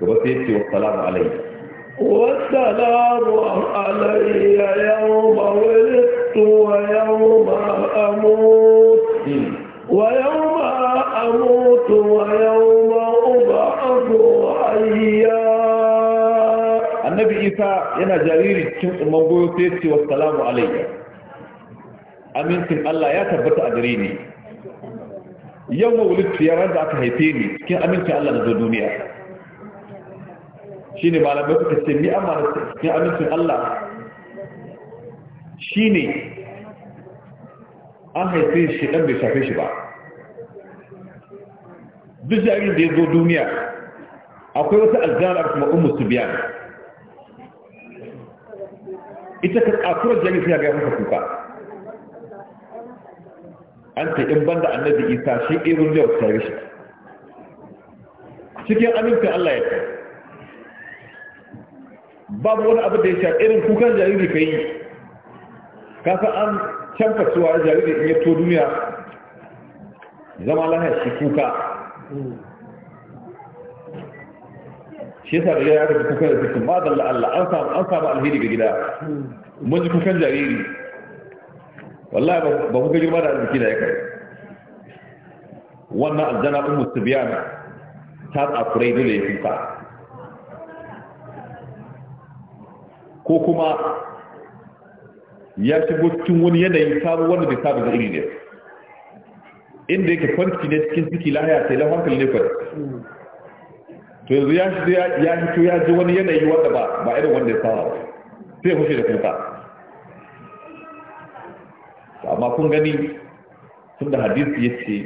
gaba sai ya ce wa salamu alayya wa salamu alayya yawma wulidtu ويوم أموت ويوم أموت ويوم أبعث حيا النبي إيسا ينا جريري منقول سيسي والسلام عليه amincin Allah ya tabbata a gare ni yau mawulid yaran da aka haife ni cikin amincin Allah na zo duniya shine malamai suka ce ni amma cikin amincin Allah shi ne an haife shi ɗan bai shafe shi ba duk jaririn da ya zo duniya akwai wata aljihar a kuma umar su biya ita ka ƙafurar su ya gaya masa kuka an ta in banda annabi isa shi irin yau tare shi cikin aminta allah ya ta babu wani abu da ya sha irin kukan jariri ka yi kasan an canfa cewa jariri in yato duniya zama lahiya shi kuka shi yasa da ya aka kukan da suke ba da Allah an samu alheri ga gida mun ji kukan jariri wallahi ba kuka girma da arziki da ya kai wannan aljana ummu subiyana ta tsakurai dole ya kuka ko kuma ya shigo cikin wani yanayi sabo wanda bai saba da iri ne inda yake kwanci ne cikin ciki lahaya sai lahan hankali ne kwanci to yanzu ya shigo ya hito ya ji wani yanayi wanda ba ba irin wanda ya saba sai ya hushe da kuka amma kun gani tun da hadisi ya ce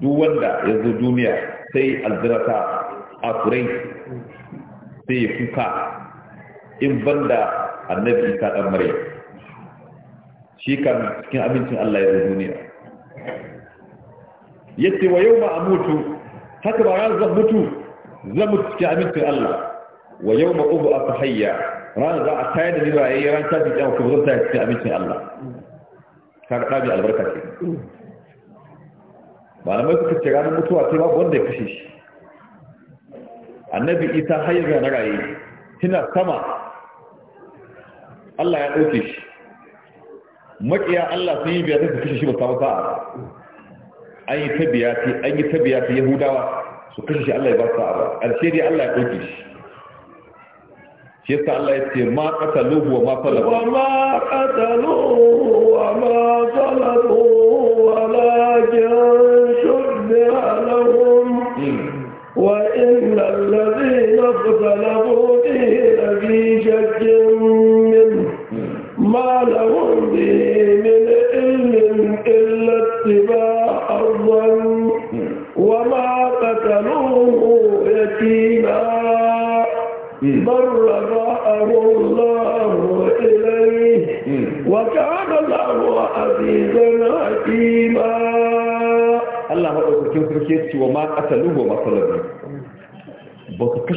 duk wanda ya zo duniya sai aljirata a kurai sai ya kuka in banda annabi isa dan maryam shi kan cikin abincin Allah ya zo duniya yace wa yawma amutu haka ba ran zan mutu zan cikin abincin Allah wa yawma ub'ath hayya ran za a tayar da ni ba yayi ran tafi kyan ku zan tafi cikin abincin Allah kaga dabi albarka ce malamai suka ce ranar mutuwa sai babu wanda ya kashe shi annabi isa har yanzu na raye tana sama Allah ya ɗauke shi maƙiya Allah sun yi biya ta kashe shi ba samu an yi ta biya ta an yi ta biya ta yahudawa su kashe shi Allah ya ba sa'a ba ƙarshe dai Allah ya ɗauke shi shi yasa Allah ya ce ma wa ma wa ma wa ma wa la jaa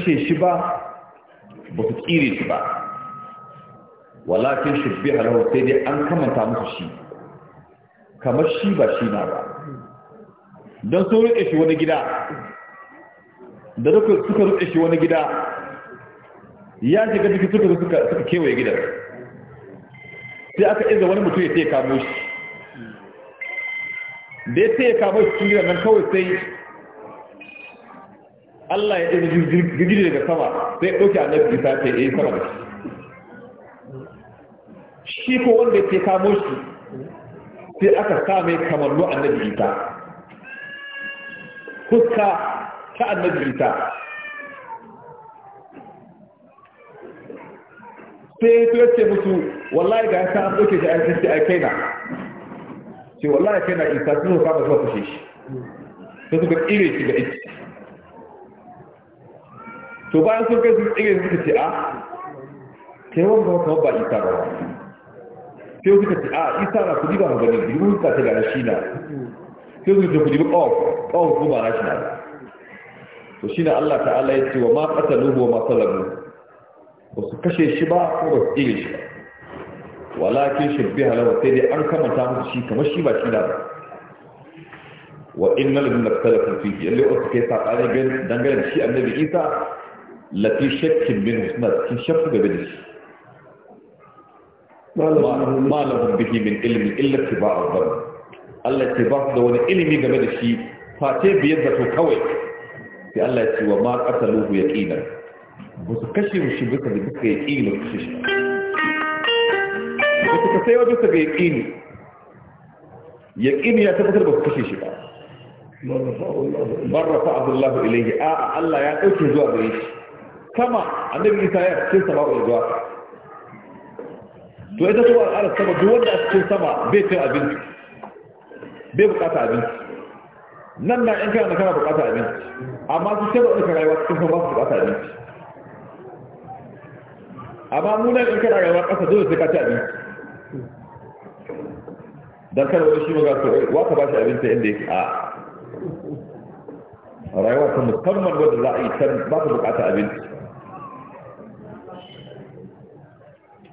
kashe shi ba ba su tsire shi ba walakin shubbi halahu sai dai an kamanta musu shi kamar shi ba shi na ba don sun rike shi wani gida da suka rike shi wani gida ya ga jiki suka suka kewaye gidan sai aka iza wani mutu ya ce kamo shi da ya ce kamo shi cikin gidan nan kawai sai Allah ya ɗaya jirgin daga sama sai ya ɗauke annabi isa ta yi sama da shi shi ko wanda ke kamo shi sai aka kamar mai a annabi ta fuska ta annabi ta sai ya ce musu wallahi ga yasa an ɗauke shi a yi a na ce wallahi na isa sun kama zuwa kashe shi sai suka ƙire shi ga ita to bayan sun kai sun tsire suka ce a ah, kai ba wata ba isa ba sai suka ce a ah, isa na kudi ba magana biyu mun ta ga shi na sai suka ce kudi ba kawo kawo ko ba shi na to na Allah ta'ala ya ce wa ma qataluhu wa ma salabu ba su kashe shi ba ko ba su tsire shi ba walakin bi halawa sai dai an kamata musu shi kamar shi ba shi na ba wa innal munafiqina fi yalle wasu kai sabani bin dangane da shi annabi Isa lafi shakkin min suna cikin shakku game da shi malamun bihi min ilimin illar ba a zama Allah ce ba su da wani ilimi game da shi fate biyar da su kawai sai Allah ya ce wa ma ƙasa luhu ya ƙinar ba su kashe mu shi bisa da duka ya ƙini ba su kashe shi ba su kasai wa bisa ga ya ƙini ya ƙini ya tabbatar ba su kashe shi ba من رفعه الله إليه آه الله يا أوكي زوا بريش sama annabi isa ya cikin sama wa ga to ita so al'adar sama duk wanda a cikin sama bai cin abinci bai bukata abinci nan na yan kana kana bukata abinci amma su ce da wani rayuwa cikin sama bukata abinci amma mu nan in kana rayuwa kasa dole sai ka ci abinci dan kada wani shi maga to wa ka ba shi abinci inda yake a rayuwa ta musamman wadda za a yi can ba ta bukata abinci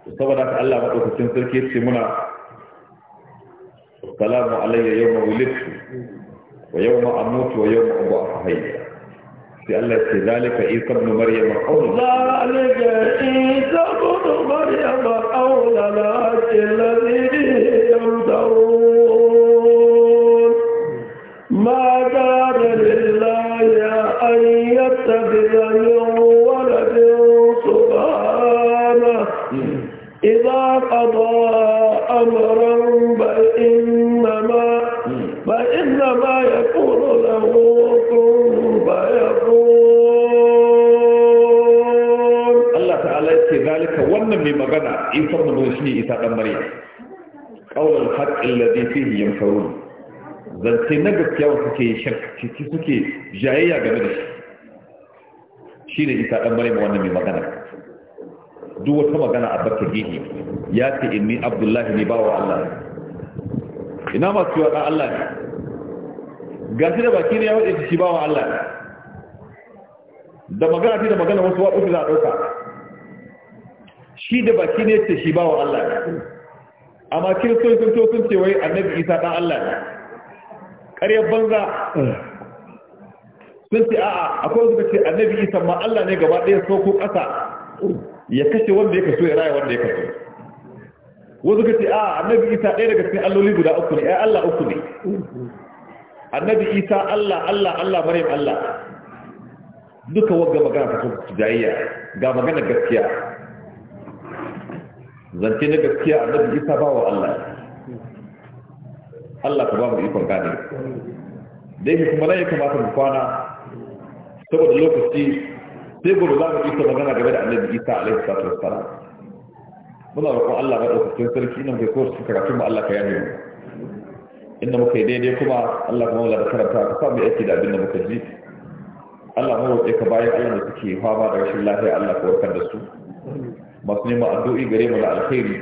وسبب ذلك الله ما توقف تنسر كيف سيمنا السلام علي يوم ولدت ويوم أموت ويوم أبقى حي في الله ذلك عيسى ابن مريم قول ذلك عيسى ابن مريم قول ناس الذي يمدرون ما دار لله أن يتبذ اليوم إذا قضى أمرا فإنما, فإنما يكون له كن فيكون الله تعالى يتي ذلك وانا بمغنى إنسان إيه بوشني إيه إساء مريم قول الحق الذي فيه ينفرون zance na gaskiya wasu ke shakki suke jayayya game da shi shi ne isa duk wata magana a bakka gini ya ce ni abdullahi ne bawa Allah ina ma cewa ɗan Allah ne gashi da baki ne ya wade shi bawa Allah da magana ce da magana wasu waɗu za a ɗauka shi da baki ne ce shi bawa Allah amma makin sun to sun ce wai annabi isa ɗan Allah ne ƙaryar banza sun ce a'a akwai ka ce annabi isa ma Allah ne gaba ɗaya ko ƙasa ya kashe wanda ya kaso ya raya wanda ya kaso wasu ka ce a annabi isa ɗaya daga cikin alloli guda uku ne ai allah uku ne annabi isa allah allah allah maryam allah duka wagga magana ta sun jayayya ga magana gaskiya zance na gaskiya annabi isa ba wa allah allah ka ba mu ikon gane dai kuma nan ya kamata mu kwana saboda lokaci sai gobe za ka isa magana game da annabi isa alaihi salatu wassalam muna roƙon Allah ba ɗaukakin sarki nan kai kowace cikin karatun mu Allah ka yafe mu inda muka yi daidai kuma Allah kuma wala da karanta ka sa mu aiki da abinda da muka ji Allah mu roƙe ka bayan Allah da suke fama da rashin lafiya Allah ka warkar da su masu neman addu'i gare mu da alkhairi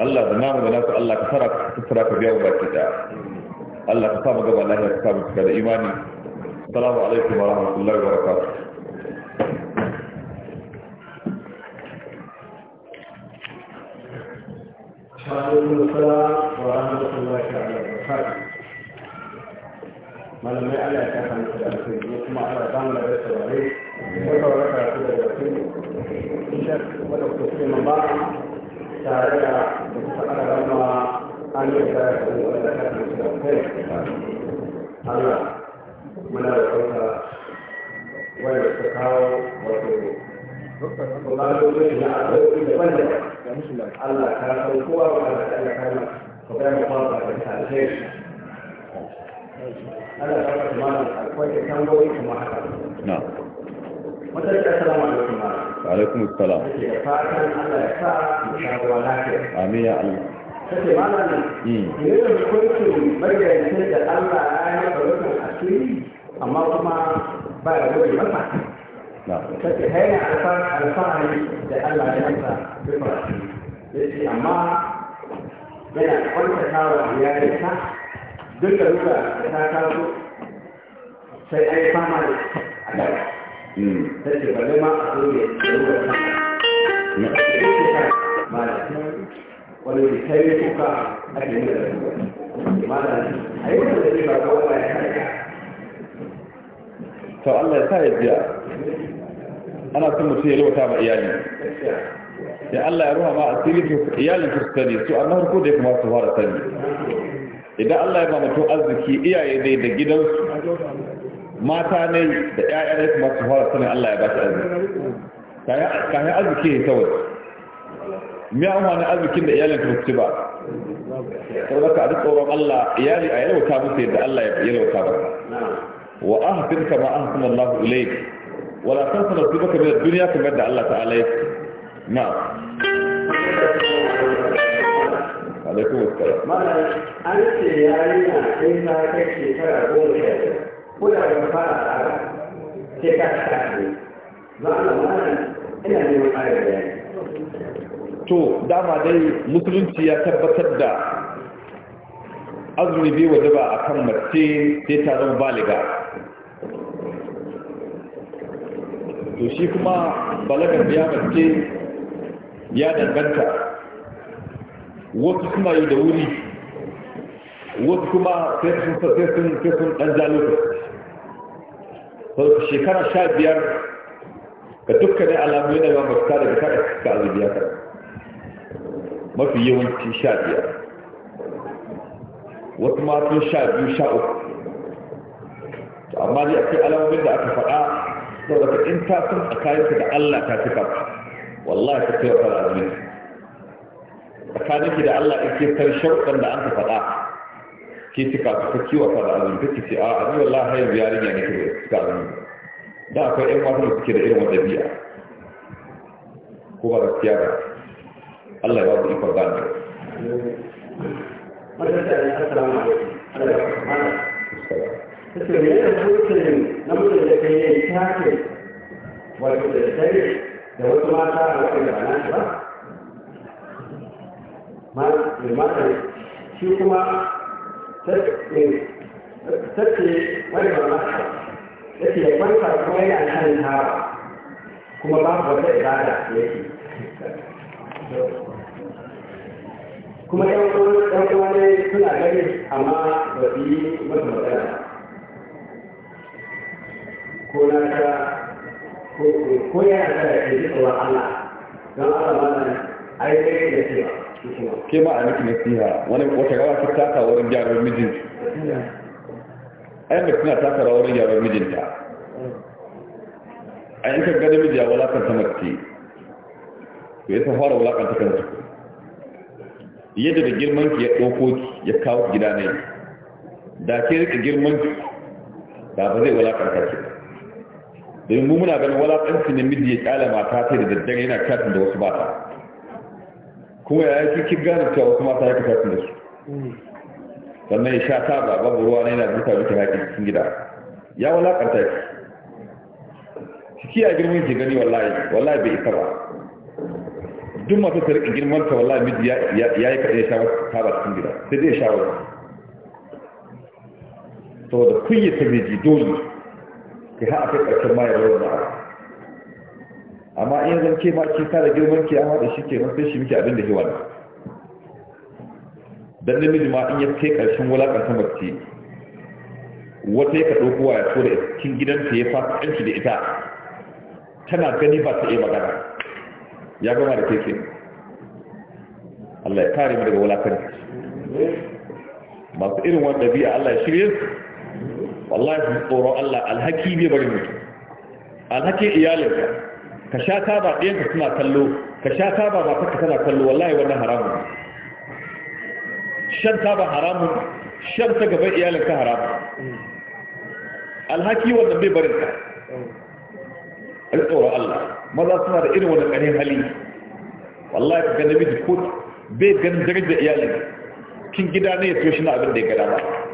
Allah da namu da nasu Allah ka fara ka fara ka biya baki da Allah ka sa mu gaba lafiya ka sa mu cika da imani assalamu alaikum wa rahmatullahi wa barakatuh وعليكم السلام ورحمة الله تعالى وبركاته malamai ana ta hannu da alfai ne kuma ana samun da bai saurare ko saurare karatu da alfai in sha wadda ku ce man ba tare da da kusa ana rama an yi da ya wanda ka ta su da alfai Allah muna da kauta wanda ta kawo wato bukatun da a da Allah ka san kowa da ba ta ma akwai da haka alaikum wa alaikum Allah ya sa amin ya Allah bayyana da Allah ya yi amma kuma ba kace kai ne alfahari da Allah ya nasa duka yace amma yana kwantata wa iyalinsa duk da duka ta taso sai yi fama da a Allah ta ce ba zai ma a zo ne da ruwa ta ba da wani da kai kuka ake nuna da ruwa ba da a yi wani da zai ba kawai ya ta. to Allah ya sa ya biya ana son mutum ya lota ma iyali ya Allah ya ruha ma asiri iyalin su sani su an harko da ya kamata su fara sani idan Allah ya ba mutum arziki iyaye ne da gidansu mata ne da ƴaƴa ne kuma su fara sani, Allah ya ba shi arziki kayan arziki ne kawai me an wani arzikin da iyalin ka ci ba saboda ka a duk tsoron Allah iyali a yalwata musu yadda Allah ya yalwata ba وأهدر كما أهدر الله إليك ولا تنسى نصيبك من الدنيا كما يدعى الله تعالى نعم عليكم السلام ما أنت يا رينا إما كيف ترى كل المفارقة تكتشف معنى معنى إلا من المعارضة to shi kuma balagar ya mace ya danganta wasu suna yi da wuri wasu kuma sai sun ɗan ja lokaci shekara sha biyar ga dukkanin alamu yana yawan mafita daga kada ka azubi ya kara mafi yawanci sha biyar wasu ma sun sha biyu sha uku amma dai akwai alamomin da aka faɗa saboda in ta san tsakaninka da Allah ta cika wallahi ta kai wa fara azumi tsakaninki da Allah in ke san sharuɗan da an ka faɗa ke cika su ta kiwa fara azumi ta ce a azumi wallahi har yanzu yarinya ne ke cika azumi da akwai ƴan wasu da suke da irin wata biya ko ba gaskiya ba Allah ya ba su ikon gane. Mata da ya ta ce mai da tutunin namijin da ta yi take wato da dare da wasu mata a waɗanda ba nashi ba mata shi kuma tattace wani ba nashi ba yake ya kwanta kuma yana shan tara kuma ba babu wata ibada yake kuma ɗan uwan suna gani amma ba su yi masa magana ko lata ko ya da ke ji tsoron Allah don Allah mana ai ne da cewa ke ma a miki nasiha wani wata rawa ta taka wurin gyaran mijinki ai mai suna taka rawa wurin gyaran mijinta a in gani gada miji ya wulakanta mace to ya san fara wulakanta kan su yadda da girman ki ya ɗauko ya kawo gida ne da ke rika girman ki da ba zai wulakanta ki da mu muna ganin tsanci ne midi ya kyala mata ta da daddare yana katin da wasu mata kuma ya yi kikin gane cewa wasu mata ya katin da su sannan ya sha ba babu ruwa na yana zuta miki haƙi cikin gida ya walakanta ya ciki ya girman ke gani wallahi wallahi bai isa ba duk masu ta girman ta wallahi midi ya yi kaɗai ya sha wasu ba cikin gida sai dai ya sha wasu saboda kunyata ji dole kai har akai ƙarshen ma ya bar wani abu amma in zan ke ma ke sa da girman ke amma da shi ke nan sai shi miki abin da ke wani dan namiji ma in ya kai ƙarshen wulaƙanta mace wata ya ka ɗaukowa ya so da cikin gidanta ya fasa ƙanci da ita tana gani ba ta iya magana ya gama da keke Allah ya kare mu daga wulaƙanta masu irin wani ɗabi'a Allah ya shirye su wallahi tsoro Allah alhaki bai bari mutu alhaki iyalin ka ka sha taba ɗayan ka suna kallo ka sha taba ba ka kana kallo wallahi wannan haramun shan taba haramun shan ta gaban iyalin ka haramun alhaki wannan bai barin ka alƙawar Allah maza suna da irin wani ƙarin hali wallahi ka ga namiji ko bai ganin darajar iyalin kin gida ne ya so shi na abin da ya gada ba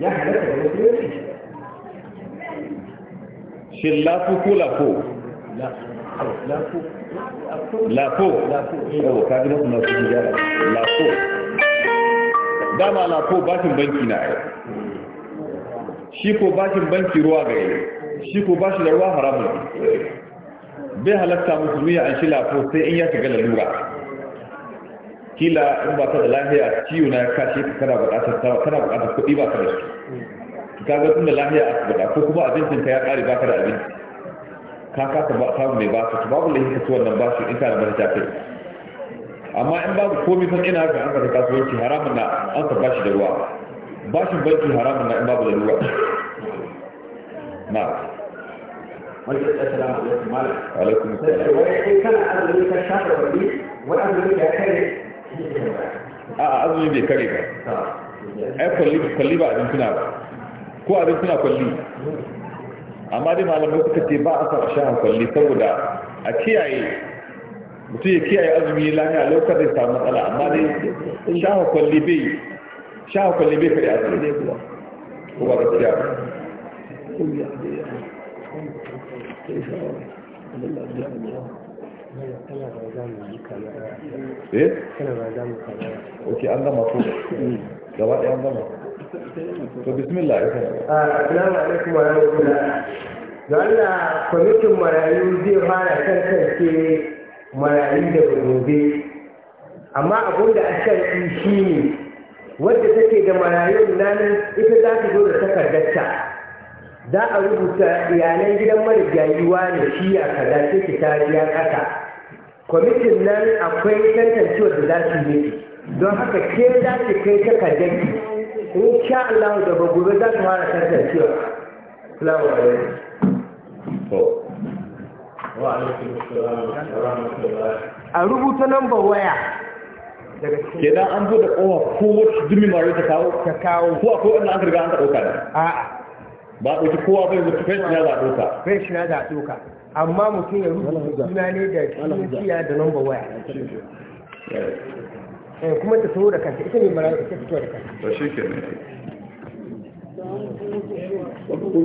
ya halatta da musulunci shin lafo ko lafo lafo lafo yau ka gina suna lafo dama lafo bashin banki na yau shi ko bashin banki ruwa ga yi shi ko bashi da ruwa haramun bai halatta musulmi ya an shi lafo sai in ya shiga lalura kila in ba ka da lafiya ciwo na kashe ka kana buƙatar tawa kana buƙatar kuɗi ba ka da su ka ga tunda lahiya a buƙata ko kuma abincin ka ya ƙare ba ka da abinci ka kasa ba samu mai ba ka babu lahi ka ci wannan ba su in ka da mata kai amma in babu komai san ina ga an ka kasuwanci haramun na an ka bashi da ruwa bashin banki haramun na in babu da ruwa na Wani alaikum salam alaikum salam wai kana azumi ka shafa wani wani azumi ka kare a'a azumi bai kare ka ai kwalli ba abin tuna ba ko abin tuna kwalli amma dai malamai suka ce ba a sa sha kwalli saboda a kiyaye mutum ya kiyaye azumi lahiya lokacin da samu matsala amma dai sha kwalli bai Shaha kwalli bai kare azumi ko ba gaskiya ba Thank you. eh ok an gama ko gaba ɗaya an gama to bismillah ya sanar ah, assalamu alaikum wa rahmatullah ga Allah kwamitin marayu zai fara tantance marayu da gobe amma abun da a shar'i shi ne wadda take da marayun nan ita za ta zo da takardarta za a rubuta iyalan gidan marigayi ne shi ya kaza sai ki tariya ƙasa kwamitin nan akwai tantancewar da za su yi don haka ke za su kai takardar kajen in sha Allah da ba gobe za su fara tantancewa salamu alaikum a rubuta lambar waya kenan an zo da kowa ko wacce dumi mara ta kawo ta kawo ko akwai wannan an riga an ta ɗauka da ba a ɗauki kowa bai mutu fesh za a ɗauka za a ɗauka amma mutum ya rubuta suna ne da kiyasiya da number waya eh, kuma ta sauro da kanta ita ne mara ita fito da kanta